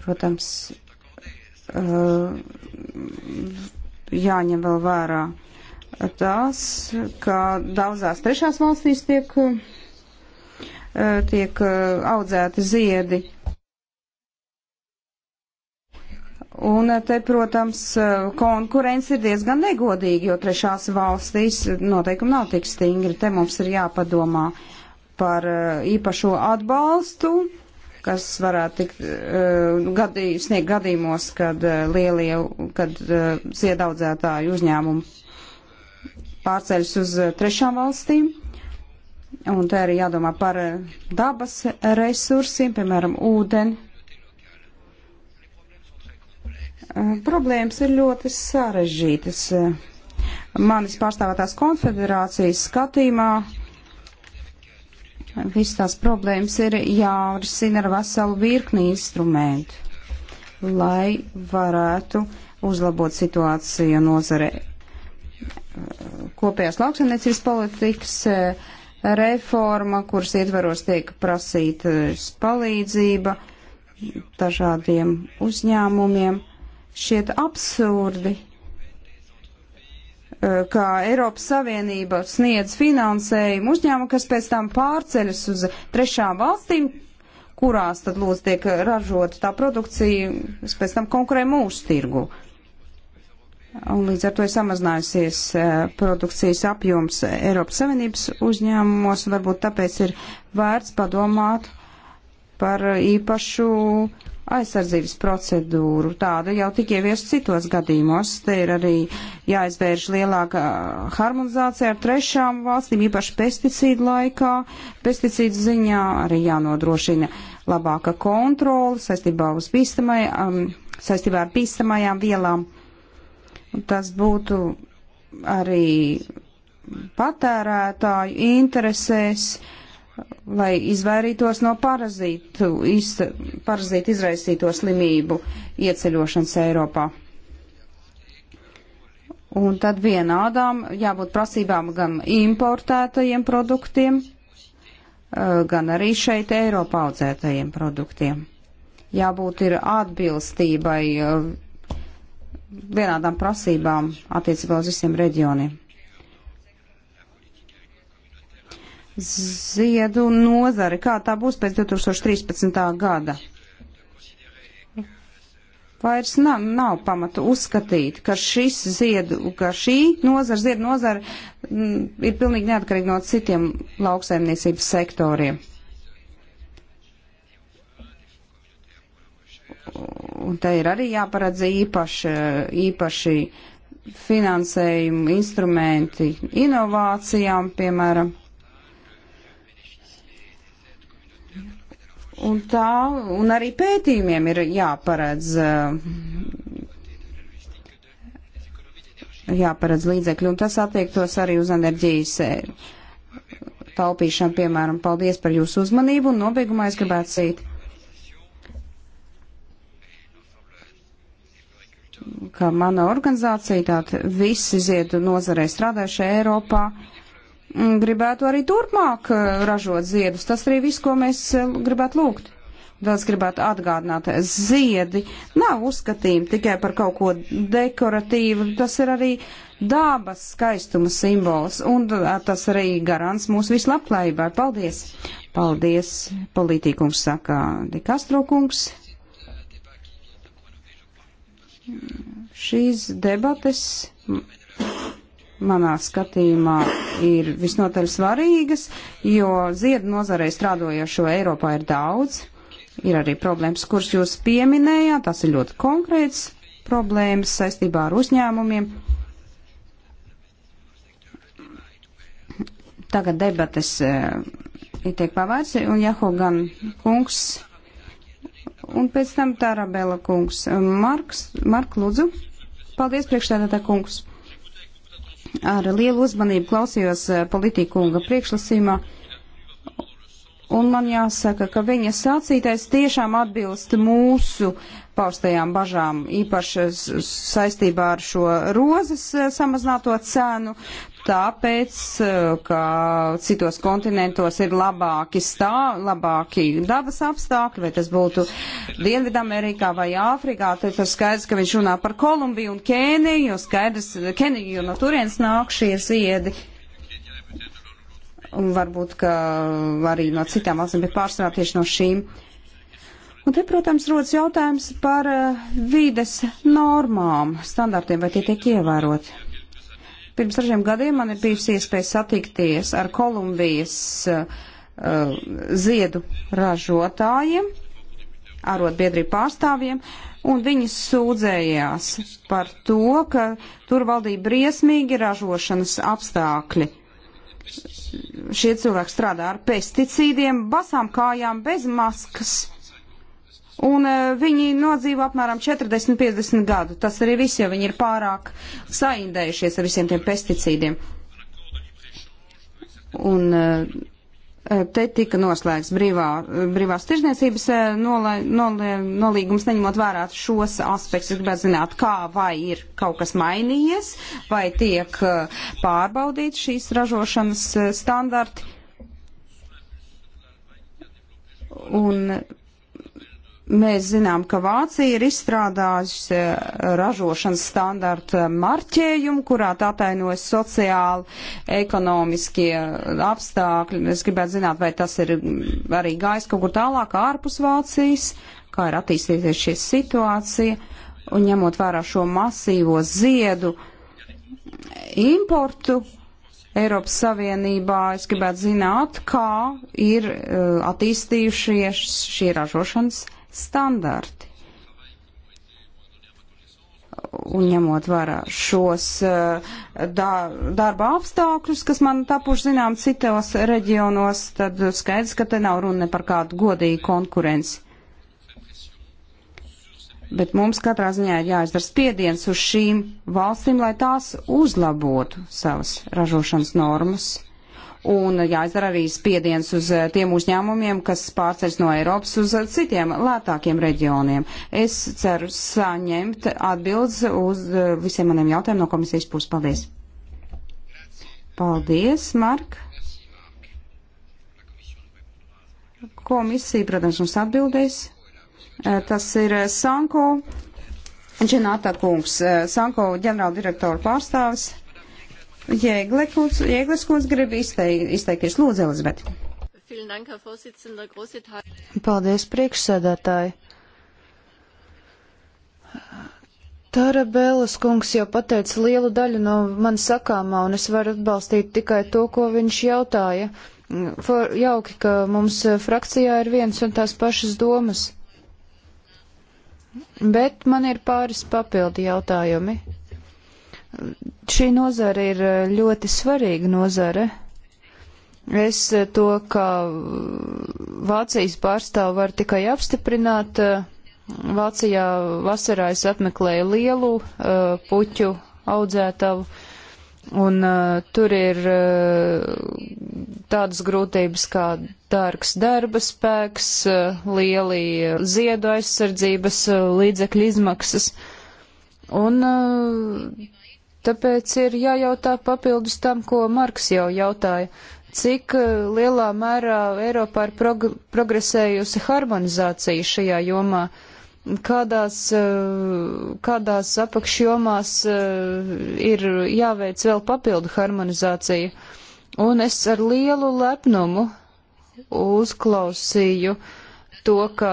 Protams, eh, jāņem vēl vērā tās, ka daudzās trešās valstīs tiek, eh, tiek eh, audzēti ziedi Un eh, te, protams, eh, konkurence ir diezgan negodīga, jo trešās valstīs noteikumi nav tik stingri. Te mums ir jāpadomā par eh, īpašo atbalstu, kas varētu tikt gadī, sniegt gadījumos, kad lielie, kad ziedaudzētāju uzņēmumi pārceļas uz trešām valstīm. Un te arī jādomā par dabas resursiem, piemēram, ūdeni Problēmas ir ļoti sarežģītas. Manis pārstāvētās konfederācijas skatījumā visas tās problēmas ir jārisina ar veselu virkni instrumentu, lai varētu uzlabot situāciju nozare kopējās lauksaimniecības politikas reforma, kuras ietvaros tiek prasīta palīdzība dažādiem uzņēmumiem šķiet absurdi, eh, kā Eiropas Savienība sniedz finansējumu uzņēmumu, kas pēc tam pārceļas uz trešām valstīm, kurās tad lūdzu tiek ražota tā produkcija, kas pēc tam konkurē mūsu tirgu. Un līdz ar to ir samazinājusies eh, produkcijas apjoms Eiropas Savienības uzņēmumos, un varbūt tāpēc ir vērts padomāt par īpašu uh, aizsardzības procedūru. Tāda jau tika ieviest citos gadījumos. Te ir arī jāizvērš lielāka harmonizācija ar trešām valstīm, īpaši pesticīdu laikā, pesticīdu ziņā arī jānodrošina labāka kontrola saistībā, bīstamai, um, saistībā ar bīstamajām vielām. Un tas būtu arī patērētāju interesēs. Uh, lai izvairītos no parazītu, iz, parazītu izraisīto slimību ieceļošanas Eiropā. Un tad vienādām jābūt prasībām gan importētajiem produktiem, eh, gan arī šeit Eiropā audzētajiem produktiem. Jābūt ir atbilstībai eh, vienādām prasībām attiecībā uz visiem reģioniem. ziedu nozari. Kā tā būs pēc 2013. gada? Vairs nav, nav pamata uzskatīt, ka, ziedu, ka šī nozara, ziedu nozara, m, mm, ir pilnīgi neatkarīga no citiem lauksaimniecības sektoriem. un te ir arī jāparedz īpaši, īpaši finansējuma instrumenti inovācijām, piemēram. Un tā, un arī pētījumiem ir jāparedz, eh, jāparedz līdzekļi, un tas attiektos arī uz enerģijas eh, taupīšanu, piemēram. Paldies par jūsu uzmanību, un nobeigumā es gribētu sīt. ka mana organizācija, tātad visi ziedu nozarei strādājušie Eiropā, uh, gribētu arī turpmāk eh, ražot ziedus. Tas arī viss, ko mēs eh, gribētu lūgt. Vēl es gribētu atgādināt, ziedi nav uzskatījumi tikai par kaut ko dekoratīvu, tas ir arī dabas skaistuma simbols, un eh, tas arī garants mūsu vislabklājībai. Paldies! Paldies, politīkums saka Dikastro kungs. Šīs debates manā skatījumā ir visnotaļ svarīgas, jo ziedu nozarei strādojošo Eiropā ir daudz. Ir arī problēmas, kuras jūs pieminējāt, tas ir ļoti konkrēts problēmas saistībā ar uzņēmumiem. Tagad debates eh, ir tiek pavērsi, un Jahogan kungs, un pēc tam Tarabela kungs. Marks, Mark, lūdzu. Paldies, priekšstādātā kungs ar lielu uzmanību klausījos eh, politikunga priekšlasījumā, un man jāsaka, ka viņa sacītais tiešām atbilst mūsu paustajām bažām, īpaši saistībā ar šo rozes eh, samazināto cenu, tāpēc, eh, ka citos kontinentos ir labāki stāv, labāki dabas apstākļi, vai tas būtu Dienvidamerikā vai Āfrikā, tad tas skaidrs, ka viņš runā par Kolumbiju un Kēniju, jo skaidrs, Kēniju, jo no turienes nāk šie ziedi. Un varbūt, ka arī no citām valstīm, bet pārsvarā tieši no šīm. Un te, protams, rodas jautājums par eh, vides normām, standartiem, vai tie tiek ievēroti Pirms dažiem gadiem man ir bijusi iespēja satikties ar Kolumbijas uh, ziedu ražotājiem, arotbiedrību pārstāvjiem, un viņi sūdzējās par to, ka tur valdīja briesmīgi ražošanas apstākļi. Šie cilvēki strādā ar pesticīdiem, basām kājām, bez maskas Un e, viņi nodzīvo apmēram 40-50 gadu. Tas arī viss, jo viņi ir pārāk saindējušies ar visiem tiem pesticīdiem. Un e, e, te tika noslēgts brīvā, brīvās tirzniecības nolē, nolē, nolīgums, neņemot vērā šos aspektus. Es gribētu zināt, kā vai ir kaut kas mainījies, vai tiek pārbaudīts šīs ražošanas standarti. Un Mēs zinām, ka Vācija ir izstrādājusi eh, ražošanas standarta eh, marķējumu, kurā tā atainojas sociāli, ekonomiskie eh, apstākļi. Es gribētu zināt, vai tas ir mm, arī gājis kaut kur tālāk ārpus Vācijas, kā ir attīstīties šī situācija, un ņemot vērā šo masīvo ziedu importu, Eiropas Savienībā, es gribētu zināt, kā ir uh, attīstījušies šie ražošanas standarti. Un ņemot vērā šos eh, da, darba apstākļus, kas man tapuši zinām citos reģionos, tad skaidrs, ka te nav runa par kādu godīgu konkurenci. Bet mums katrā ziņā ir jāizdara spiediens uz šīm valstīm, lai tās uzlabotu savas ražošanas normas un jāizdara arī spiediens uz eh, tiem uzņēmumiem, kas pārceļ no Eiropas uz eh, citiem lētākiem reģioniem. Es ceru saņemt atbildes uz eh, visiem maniem jautājumiem no komisijas puses. Paldies! Paldies, Mark! Komisija, protams, mums atbildēs. Tas ir Sanko Dženātā kungs, Sanko ģenerāldirektora pārstāvis. Jēgles kundze kundz grib izteikties. Lūdzu, Elizabete. Paldies, priekšsēdētāji. Tāra Bēlas kungs jau pateica lielu daļu no man sakāmā, un es varu atbalstīt tikai to, ko viņš jautāja. For, jauki, ka mums eh, frakcijā ir viens un tās pašas domas. Bet man ir pāris papildi jautājumi. Šī nozara ir eh, ļoti svarīga nozara. Es eh, to, ka eh, Vācijas pārstāvu var tikai apstiprināt. Vācijā vasarā es apmeklēju lielu uh, puķu audzētavu, un uh, tur ir uh, tādas grūtības kā dārgs darba spēks, uh, lieli ziedu aizsardzības uh, līdzekļu izmaksas. Un uh, Tāpēc ir jājautā papildus tam, ko Marks jau jautāja, cik eh, lielā mērā Eiropā ir prog progresējusi harmonizācija šajā jomā, kādās, eh, kādās apakšjomās eh, ir jāveic vēl papildu harmonizācija. Un es ar lielu lepnumu uzklausīju uh, to, ka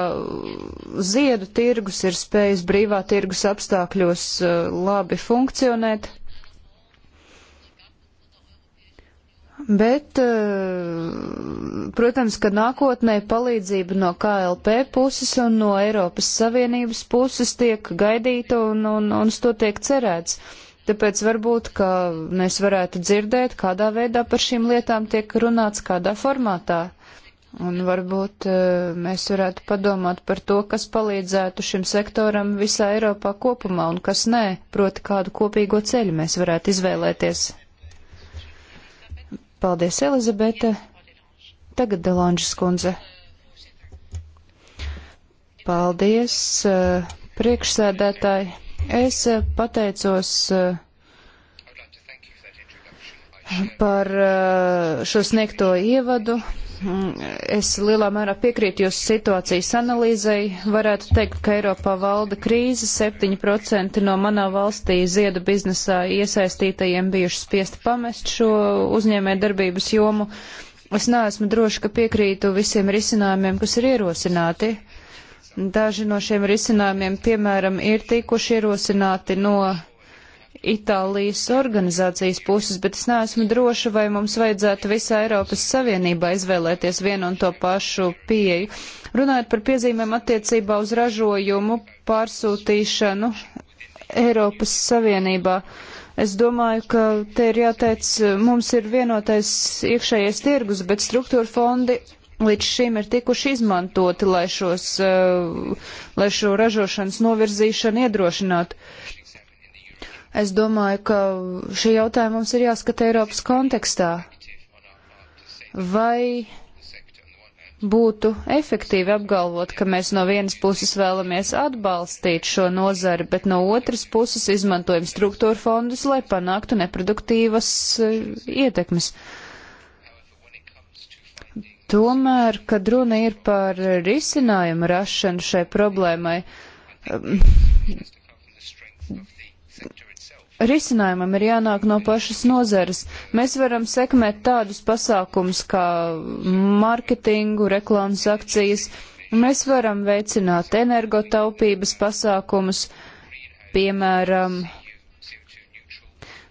ziedu tirgus ir spējis brīvā tirgus apstākļos eh, labi funkcionēt. Bet, eh, protams, ka nākotnē palīdzība no KLP puses un no Eiropas Savienības puses tiek gaidīta un, un, un uz to tiek cerēts. Tāpēc varbūt, ka mēs varētu dzirdēt, kādā veidā par šīm lietām tiek runāts, kādā formātā. Uh, Un varbūt eh, mēs varētu padomāt par to, kas palīdzētu šim sektoram visā Eiropā kopumā un kas nē, proti kādu kopīgo ceļu mēs varētu izvēlēties. Paldies, Elizabete. Tagad Delanžas kundze. Paldies, eh, priekšsēdētāji. Es eh, pateicos par šo sniegto ievadu. Es lielā mērā piekrītu jūsu situācijas analīzei. Varētu teikt, ka Eiropā valda krīze. 7% no manā valstī ziedu biznesā iesaistītajiem bijuši spiesti pamest šo uzņēmē darbības jomu. Es neesmu droši, ka piekrītu visiem risinājumiem, kas ir ierosināti. Daži no šiem risinājumiem, piemēram, ir tikuši ierosināti no Itālijas organizācijas puses, bet es neesmu droša, vai mums vajadzētu visā Eiropas Savienībā izvēlēties vienu un to pašu pieeju. Runājot par piezīmēm attiecībā uz ražojumu pārsūtīšanu Eiropas Savienībā. Es domāju, ka te ir jāteic, mums ir vienotais iekšējais tirgus, bet struktūra fondi līdz šim ir tikuši izmantoti, lai, šos, eh, lai šo ražošanas novirzīšanu iedrošinātu. Es domāju, ka šie jautājumi mums ir jāskata Eiropas kontekstā. Vai būtu efektīvi apgalvot, ka mēs no vienas puses vēlamies atbalstīt šo nozari, bet no otras puses izmantojam struktūra fondus, lai panāktu neproduktīvas eh, ietekmes. Tomēr, kad runa ir par risinājumu rašanu šai problēmai, ehm, risinājumam ir jānāk no pašas nozares. Mēs varam sekmēt tādus pasākums kā mārketingu, reklāmas akcijas, mēs varam veicināt energotaupības pasākumus, piemēram,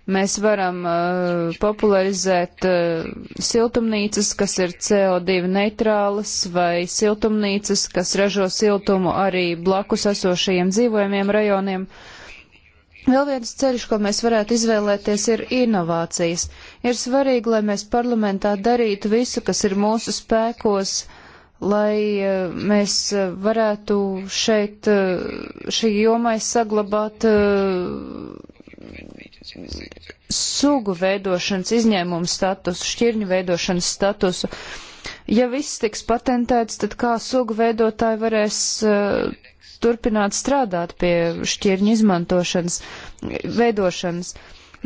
mēs varam uh, popularizēt uh, siltumnīcas, kas ir CO2 neitrālas, vai siltumnīcas, kas ražo siltumu arī blakus esošajiem dzīvojumiem rajoniem. Uh, Vēl viens ceļš, ko mēs varētu izvēlēties, ir inovācijas. Ir svarīgi, lai mēs parlamentā darītu visu, kas ir mūsu spēkos, lai eh, mēs eh, varētu šeit eh, šī jomai saglabāt sugu veidošanas izņēmumu statusu, šķirņu veidošanas statusu. Ja viss tiks patentēts, tad kā sugu veidotāji varēs turpināt strādāt pie šķirņu izmantošanas, veidošanas.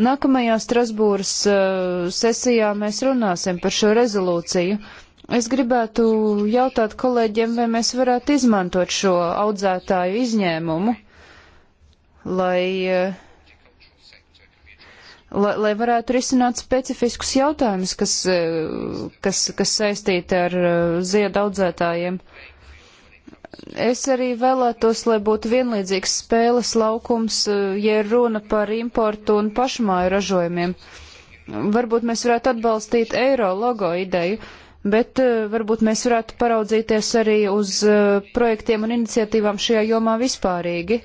Nākamajā Strasbūras uh, sesijā mēs runāsim par šo rezolūciju. Es gribētu jautāt kolēģiem, vai mēs varētu izmantot šo audzētāju izņēmumu, lai, uh, lai, lai varētu risināt specifiskus jautājumus, kas, uh, kas, kas saistīti ar uh, ziedu audzētājiem. Uh, Es arī vēlētos, lai būtu vienlīdzīgs spēles laukums, e, ja runa par importu un pašmāju ražojumiem. Varbūt mēs varētu atbalstīt eiro logo ideju, bet e, varbūt mēs varētu paraudzīties arī uz e, projektiem un iniciatīvām šajā jomā vispārīgi.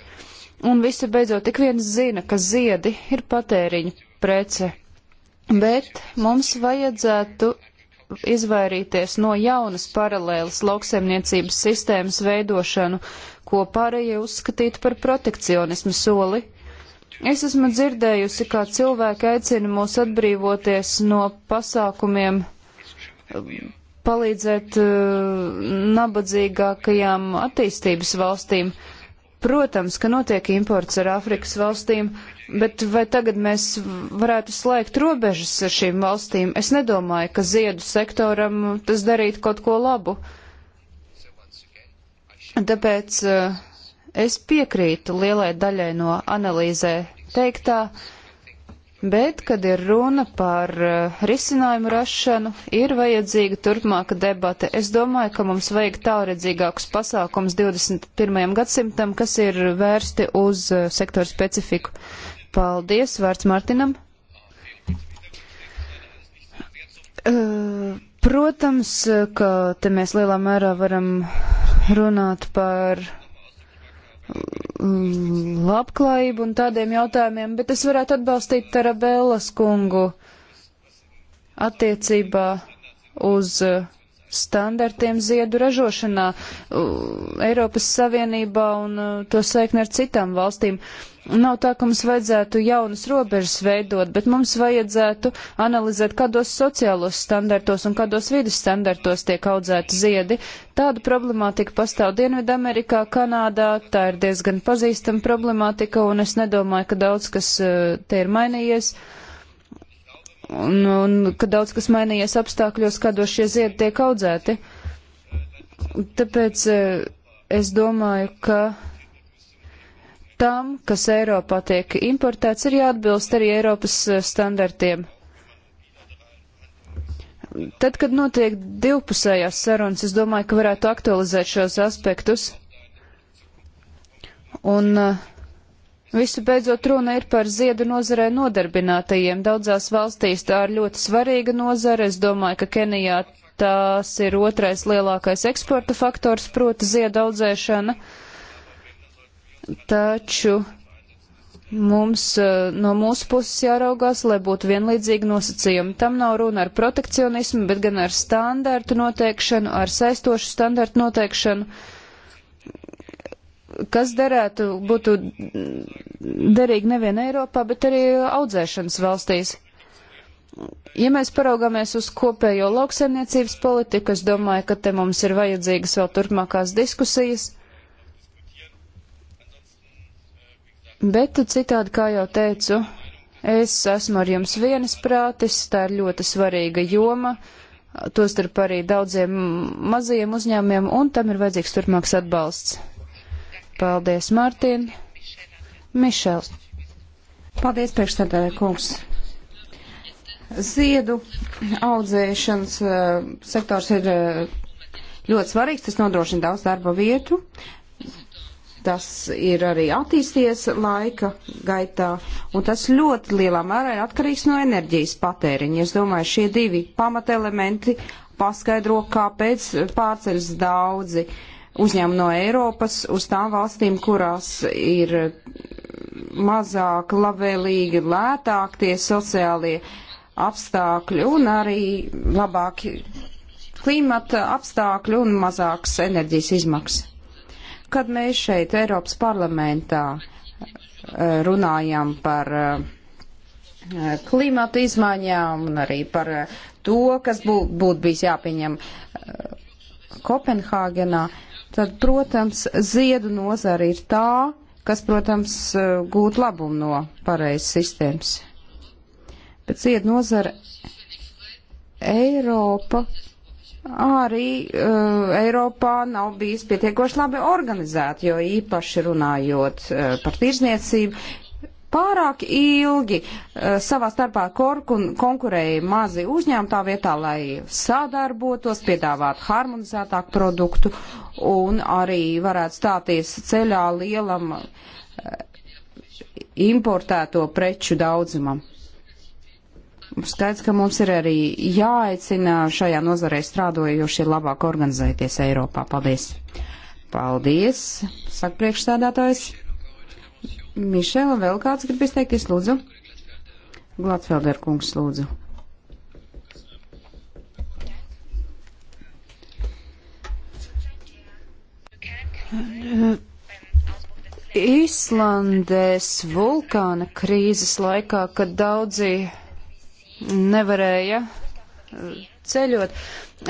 Un visi beidzot tik viens zina, ka ziedi ir patēriņa prece. Bet mums vajadzētu izvairīties no jaunas paralēlas lauksaimniecības sistēmas veidošanu, ko pārējie uzskatītu par protekcionismu soli. Es esmu dzirdējusi, kā cilvēki aicina mūs atbrīvoties no pasākumiem palīdzēt uh, nabadzīgākajām attīstības valstīm. Uh, Protams, ka notiek imports ar Āfrikas valstīm, bet vai tagad mēs varētu slēgt robežas ar šīm valstīm? Es nedomāju, ka ziedu sektoram tas darītu kaut ko labu. Tāpēc eh, es piekrītu lielai daļai no analīzē teiktā. Uh, Bet, kad ir runa par eh, risinājumu rašanu, ir vajadzīga turpmāka debata. Es domāju, ka mums vajag tālredzīgākus pasākums 21. gadsimtam, kas ir vērsti uz eh, sektoru specifiku. Paldies, vārds Martinam. Eh, protams, ka te mēs lielā mērā varam runāt par Mm, labklājību un tādiem jautājumiem, bet es varētu atbalstīt Tarabellas kungu attiecībā uz uh, standartiem ziedu ražošanā Eiropas Savienībā un to saikni ar citām valstīm. Nav tā, ka mums vajadzētu jaunas robežas veidot, bet mums vajadzētu analizēt, kādos sociālos standartos un kādos vidas standartos tiek audzēti ziedi. Tāda problemātika pastāv Dienvidamerikā, Kanādā, tā ir diezgan pazīstama problemātika, un es nedomāju, ka daudz kas te ir mainījies. Uh, un, un ka daudz kas mainījies apstākļos, kādos šie ziedi tiek audzēti. Tāpēc e, es domāju, ka tam, kas Eiropā tiek importēts, ir jāatbilst arī Eiropas e, standartiem. Tad, kad notiek divpusējās sarunas, es domāju, ka varētu aktualizēt šos aspektus. Un uh, Visu beidzot runa ir par ziedu nozarē nodarbinātajiem. Daudzās valstīs tā ir ļoti svarīga nozare. Es domāju, ka Kenijā tās ir otrais lielākais eksporta faktors, proti ziedu audzēšana. Taču mums eh, no mūsu puses jāraugās, lai būtu vienlīdzīgi nosacījumi. Tam nav runa ar protekcionismu, bet gan ar standartu noteikšanu, ar saistošu standartu noteikšanu kas derētu, būtu derīgi nevien Eiropā, bet arī audzēšanas valstīs. Ja mēs paraugāmies uz kopējo lauksaimniecības politiku, es domāju, ka te mums ir vajadzīgas vēl turpmākās diskusijas. Bet citādi, kā jau teicu, es esmu ar jums vienas prātis, tā ir ļoti svarīga joma, tostarp arī daudziem mazajiem uzņēmumiem, un tam ir vajadzīgs turpmāks atbalsts. Paldies, Mārtiņ. Mišels. Paldies, priekšstādāja kungs. Ziedu audzēšanas uh, sektors ir uh, ļoti svarīgs, tas nodrošina daudz darba vietu. Tas ir arī attīsties laika gaitā, un tas ļoti lielā mērā ir atkarīgs no enerģijas patēriņa. Es domāju, šie divi pamatelementi paskaidro, kāpēc pārceļas daudzi uh, uzņēmumu no Eiropas uz tām valstīm, kurās ir mazāk labvēlīgi, lētāk tie sociālie apstākļi un arī labāki klimata apstākļi un mazāks enerģijas izmaksas. Kad mēs šeit Eiropas parlamentā eh, runājam par eh, klimata izmaiņām un arī par eh, to, kas būtu būt bijis jāpieņem Kopenhāgenā, uh, tad, protams, ziedu nozara ir tā, kas, protams, eh, gūt labumu no pareizes sistēmas. Bet ziedu nozara Eiropa arī uh, Eiropā nav bijis pietiekoši labi organizēta, jo īpaši runājot uh, par tirzniecību, Pārāk ilgi uh, savā starpā korkun, konkurēja mazi uzņēmumi tā vietā, lai sadarbotos, piedāvātu harmonizētāku produktu un arī varētu stāties ceļā lielam uh, importēto preču daudzumam. Skaidrs, ka mums ir arī jāaicina šajā nozarē strādojošie labāk organizēties Eiropā. Paldies! Paldies, saka priekšstādātājs. Mišela, vēl kāds grib izteikties, lūdzu? Glatfelder kungs, lūdzu. Īslandēs vulkāna krīzes laikā, kad daudzi nevarēja uh, ceļot,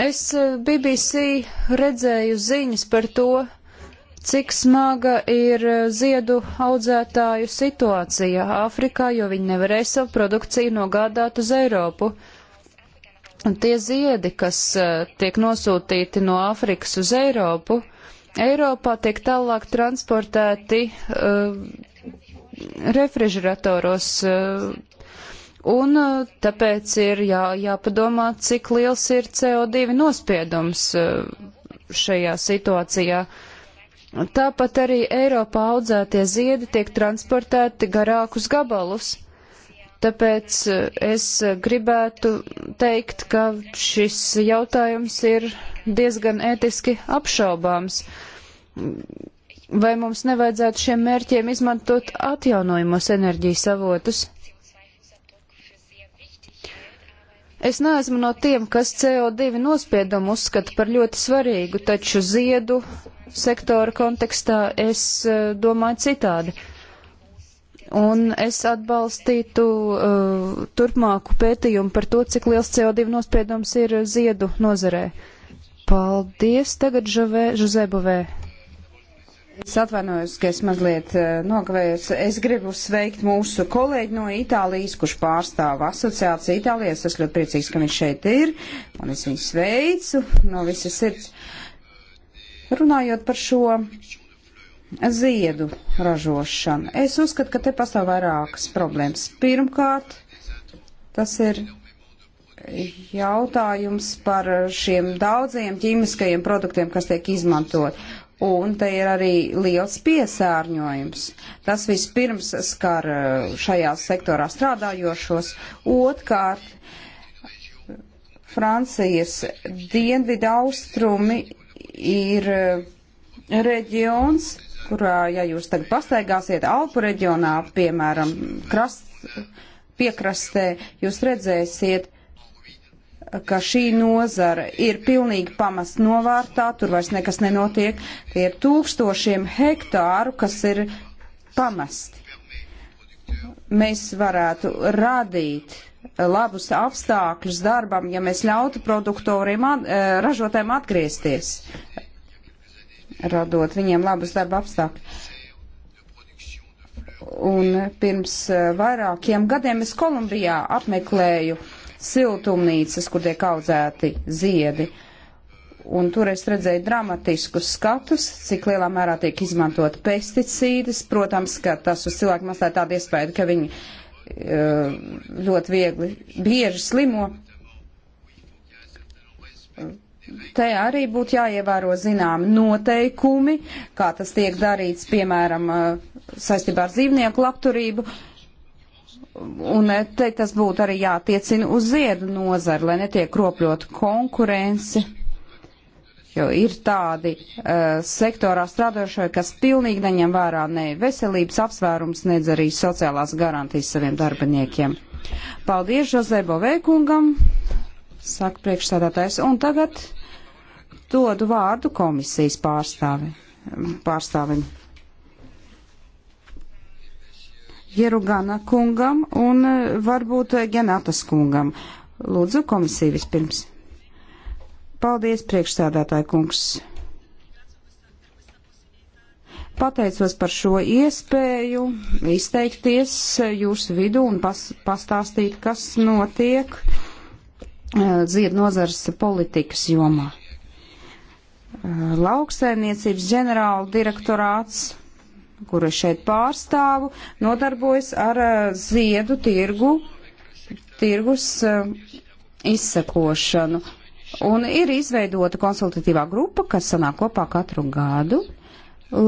es uh, BBC redzēju ziņas par to, cik smaga ir e, ziedu audzētāju situācija Āfrikā, jo viņi nevarēja savu produkciju nogādāt uz Eiropu. Un tie ziedi, kas e, tiek nosūtīti no Āfrikas uz Eiropu, Eiropā tiek tālāk transportēti uh, refrižeratoros. Uh, un uh, tāpēc ir jā, jāpadomā, cik liels ir CO2 nospiedums uh, šajā situācijā. Uh, Tāpat arī Eiropā audzētie ziedi tiek transportēti garākus gabalus. Tāpēc eh, es gribētu teikt, ka šis jautājums ir diezgan ētiski apšaubāms. Vai mums nevajadzētu šiem mērķiem izmantot atjaunojumos enerģijas avotus? Es neesmu no tiem, kas CO2 nospiedumu uzskata par ļoti svarīgu, taču ziedu sektora kontekstā es eh, domāju citādi. Un es atbalstītu uh, turpmāku pētījumu par to, cik liels CO2 nospiedums ir ziedu nozarē. Paldies, tagad Žuzebovē. Es atvainojos, ka es mazliet eh, nokavējos. Es gribu sveikt mūsu kolēģi no Itālijas, kurš pārstāv asociāciju Itālijas. Es ļoti priecīgs, ka viņš šeit ir, un es viņu sveicu no visas sirds. Uh, Runājot par šo ziedu ražošanu, es uzskatu, ka te pastāv vairākas problēmas. Pirmkārt, tas ir jautājums par šiem daudziem ķīmiskajiem produktiem, kas tiek izmantot. Un te ir arī liels piesārņojums. Tas vispirms skar eh, šajā sektorā strādājošos. Otkārt, Francijas dienvidu austrumi ir eh, reģions, kurā, ja jūs tagad pastaigāsiet Alpu reģionā, piemēram, krast, piekrastē, jūs redzēsiet, ka šī nozara ir pilnīgi pamest novārtā, tur vairs nekas nenotiek, tie ir tūkstošiem hektāru, kas ir pamesti. Mēs varētu radīt labus apstākļus darbam, ja mēs ļautu produktoriem, eh, ražotēm atgriezties, radot viņiem labus darba apstākļus. Un pirms eh, vairākiem gadiem es Kolumbijā apmeklēju siltumnīcas, kur tiek audzēti ziedi. Un tur es redzēju dramatiskus skatus, cik lielā mērā tiek izmantot pesticīdas. Protams, ka tas uz cilvēku mazliet tādu iespēju, ka viņi uh, Eh, ļoti viegli, bieži slimo. Te arī būtu jāievēro zinām noteikumi, kā tas tiek darīts, piemēram, eh, saistībā ar dzīvnieku labturību. Un eh, te tas būtu arī jātiecina uz ziedu nozari, lai netiek kropļot konkurenci. Jo ir tādi uh, sektorā strādošie, kas pilnīgi neņem vērā ne veselības apsvērums, nedz arī sociālās garantijas saviem darbiniekiem. Paldies Žozebo Veikungam, saka priekšstādātais, un tagad dodu vārdu komisijas pārstāvi, pārstāvim. Jerugana kungam un eh, varbūt eh, Genatas kungam. Lūdzu, komisija vispirms. Paldies, priekšsēdētāji kungs. Pateicos par šo iespēju izteikties jūsu vidū un pas, pastāstīt, kas notiek eh, ziedu nozars politikas jomā. Eh, Lauksaimniecības ģenerāla direktorāts, kuru šeit pārstāvu, nodarbojas ar eh, ziedu tirgu, tirgus izsekošanu Un ir izveidota konsultatīvā grupa, kas sanāk kopā katru gadu,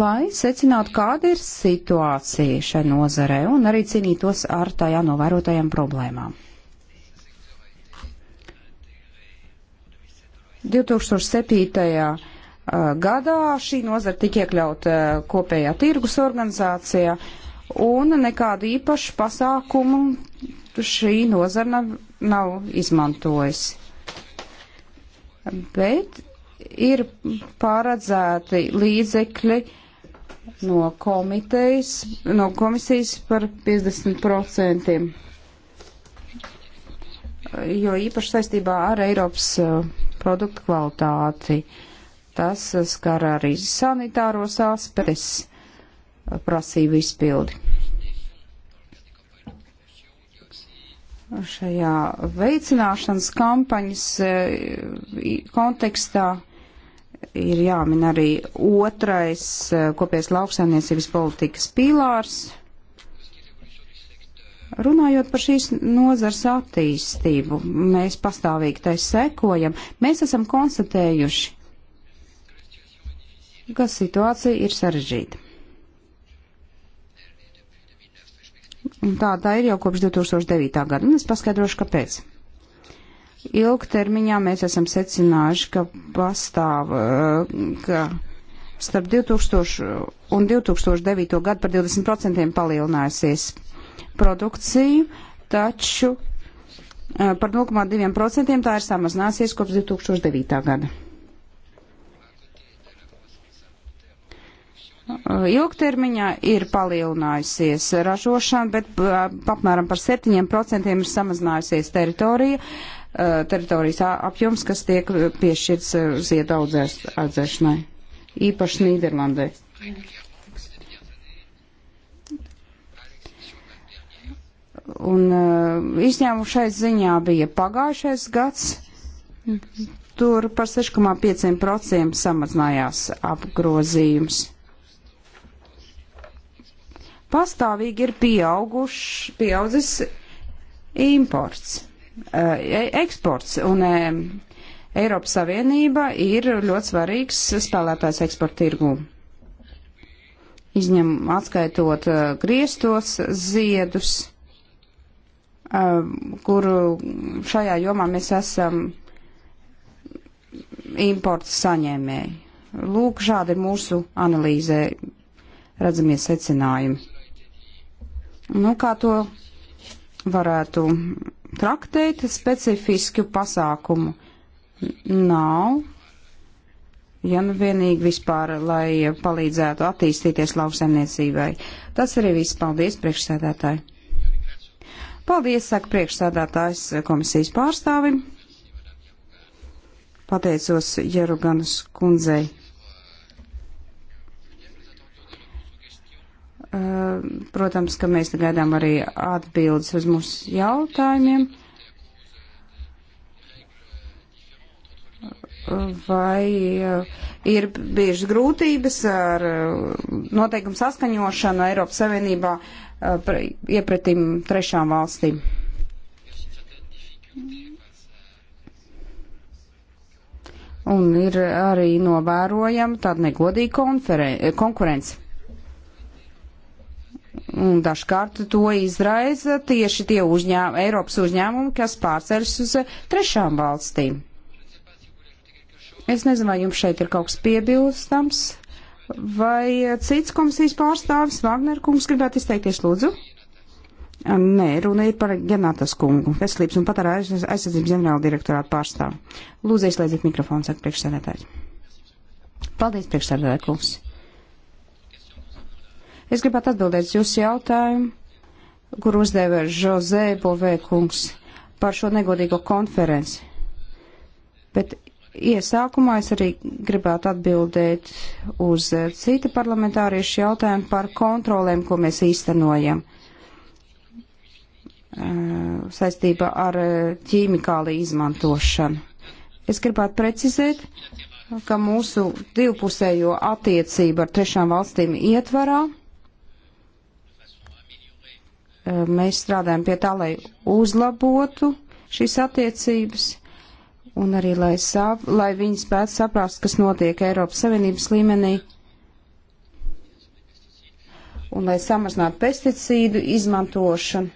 lai secinātu, kāda ir situācija šai nozarē un arī cīnītos ar tajā novērotajām problēmām. 2007. gadā šī nozara tika iekļauta kopējā tirgus organizācijā, un nekādu īpašu pasākumu šī nozara nav, nav izmantojusi bet ir paredzēti līdzekļi no, komitejas, no komisijas par 50%, jo īpaši saistībā ar Eiropas uh, produktu kvalitāti. Tas uh, skar arī sanitāros aspektus prasību izpildi. šajā veicināšanas kampaņas eh, kontekstā ir jāmin arī otrais eh, kopējas lauksaimniecības politikas pīlārs. Runājot par šīs nozars attīstību, mēs pastāvīgi tai sekojam. Mēs esam konstatējuši, ka situācija ir sarežģīta. Tā, tā ir jau kopš 2009. gada, un es paskaidrošu, kāpēc. Ilgtermiņā mēs esam secinājuši, ka pastāv, eh, ka starp 2000 un 2009. gadu par 20% palielinājusies produkciju, taču eh, par 0,2% tā ir samazinājusies kopš 2009. gada. ilgtermiņā ir palielinājusies ražošana, bet apmēram par 7% ir samazinājusies teritorija, teritorijas apjoms, kas tiek piešķirts ziedu audzēšanai, īpaši Nīderlandē. Un uh, izņēmušais ziņā bija pagājušais gads, tur par 6,5% samazinājās apgrozījums pastāvīgi ir pieauguš, pieaudzis imports, eh, eksports. Un eh, Eiropas Savienība ir ļoti svarīgs spēlētājs eksporta tirgū. Izņem atskaitot eh, griestos ziedus, kuru šajā jomā mēs esam importa saņēmēji. Lūk, šādi ir mūsu analīzē redzamie secinājumi. Nu, kā to varētu traktēt, specifisku pasākumu nav. Ja nu vienīgi vispār, lai palīdzētu attīstīties lauksaimniecībai. Tas arī viss. Paldies, priekšsēdētāji. Paldies, saka priekšsēdētājs komisijas pārstāvim. Pateicos Jeruganas kundzei Eh, protams, ka mēs gaidām arī atbildes uz mūsu jautājumiem. Vai eh, ir bieži grūtības ar eh, noteikumu saskaņošanu Eiropas Savienībā iepratīm trešām valstīm? Un ir arī novērojama tāda negodīga konkurence. Un dažkārt to izraisa tieši tie uzņēm, Eiropas uzņēmumi, kas pārceļas uz eh, trešām valstīm. Es nezinu, vai jums šeit ir kaut kas piebilstams, vai eh, cits komisijas pārstāvis Vagner kungs gribētu izteikties lūdzu? Nē, runa ir par Genātas kungu, veselības un patērā aizsardzības ģenerāla direktorāta pārstāvu. Lūdzu, ieslēdziet mikrofonu, saka priekšsēdētājs. Paldies, priekšsēdētāj kungs. Es gribētu atbildēt jūsu jautājumu, kur uzdeva Žozē Bovēkungs par šo negodīgo konferenci. Bet iesākumā es arī gribētu atbildēt uz eh, cita parlamentāriešu jautājumu par kontrolēm, ko mēs īstenojam eh, saistībā ar eh, ķīmikālu izmantošanu. Es gribētu precizēt, ka mūsu divpusējo attiecību ar trešām valstīm ietvarā Eh, mēs strādājam pie tā, lai uzlabotu šīs attiecības un arī, lai, sap, lai viņi spētu saprast, kas notiek Eiropas Savienības līmenī un lai samazinātu pesticīdu izmantošanu.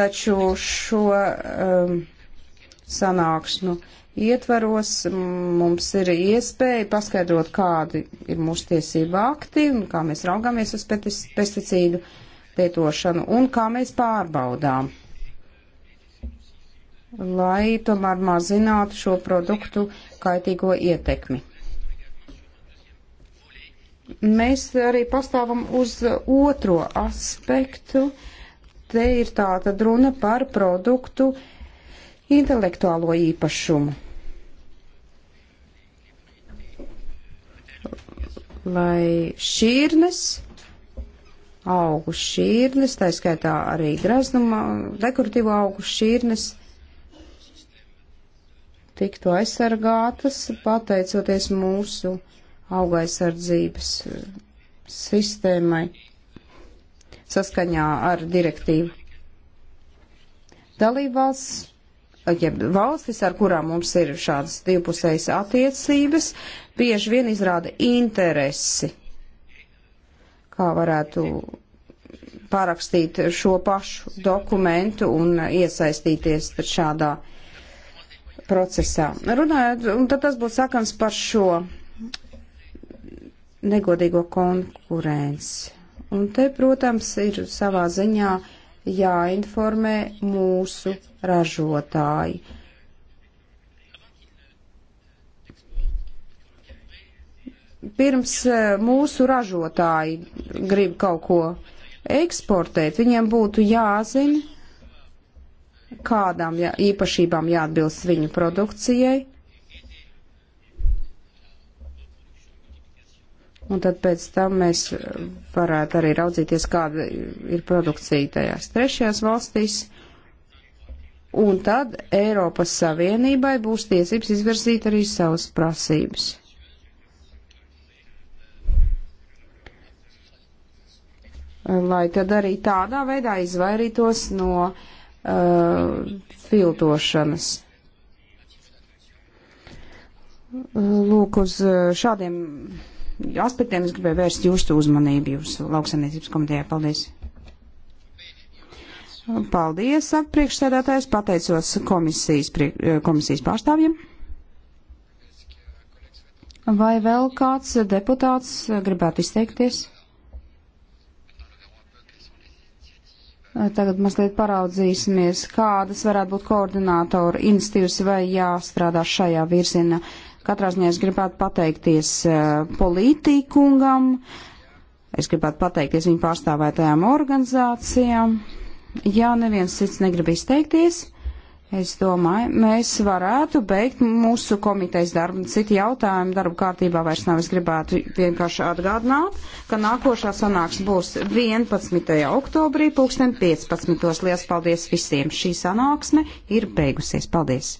Taču šo um, sanāksmu ietvaros mums ir iespēja paskaidrot, kādi ir mūsu tiesība akti un kā mēs raugāmies uz pesticīdu uh, lietošanu un kā mēs pārbaudām, lai tomēr mazinātu šo produktu kaitīgo ietekmi. Mēs arī pastāvam uz otro aspektu. Te ir tāda runa par produktu intelektuālo īpašumu. lai šķirnes augu šķirnes, tā skaitā arī graznuma, dekoratīvo augu šķirnes tiktu aizsargātas, pateicoties mūsu augaisardzības eh, sistēmai saskaņā ar direktīvu. Dalībvalsts, eh, jeb valstis, ar kurām mums ir šādas divpusējas attiecības, bieži vien izrāda interesi kā varētu parakstīt šo pašu dokumentu un iesaistīties šādā procesā. Runājot, un tad tas būtu sakams par šo negodīgo konkurenci. Un te, protams, ir savā ziņā jāinformē mūsu ražotāji pirms e, mūsu ražotāji grib kaut ko eksportēt, viņiem būtu jāzina, kādām jā, īpašībām jāatbilst viņu produkcijai. Un tad pēc tam mēs varētu arī raudzīties, kāda ir produkcija tajās trešajās valstīs. Un tad Eiropas Savienībai būs tiesības izvirzīt arī savas prasības. Eh, lai tad arī tādā veidā izvairītos no uh, eh, filtošanas. Eh, lūk, uz šādiem aspektiem es gribēju vērst jūsu uzmanību jūsu lauksaimniecības komitejā. Paldies! Paldies, priekšsēdētājs, pateicos komisijas, priek, komisijas pārstāvjiem. Vai vēl kāds deputāts gribētu izteikties? Tagad mazliet paraudzīsimies, kādas varētu būt koordinātoru institīvas vai jāstrādā šajā virzienā. Katrā ziņā es gribētu pateikties politīkungam, es gribētu pateikties viņu pārstāvētajām organizācijām. Ja neviens cits negrib izteikties, Es domāju, mēs varētu beigt mūsu komitejas darbu. Citi jautājumi darba kārtībā vairs nav. Es gribētu vienkārši atgādināt, ka nākošā sanāks būs 11. oktobrī, pulksten 15. Lielas paldies visiem! Šī sanāksme ir beigusies. Paldies!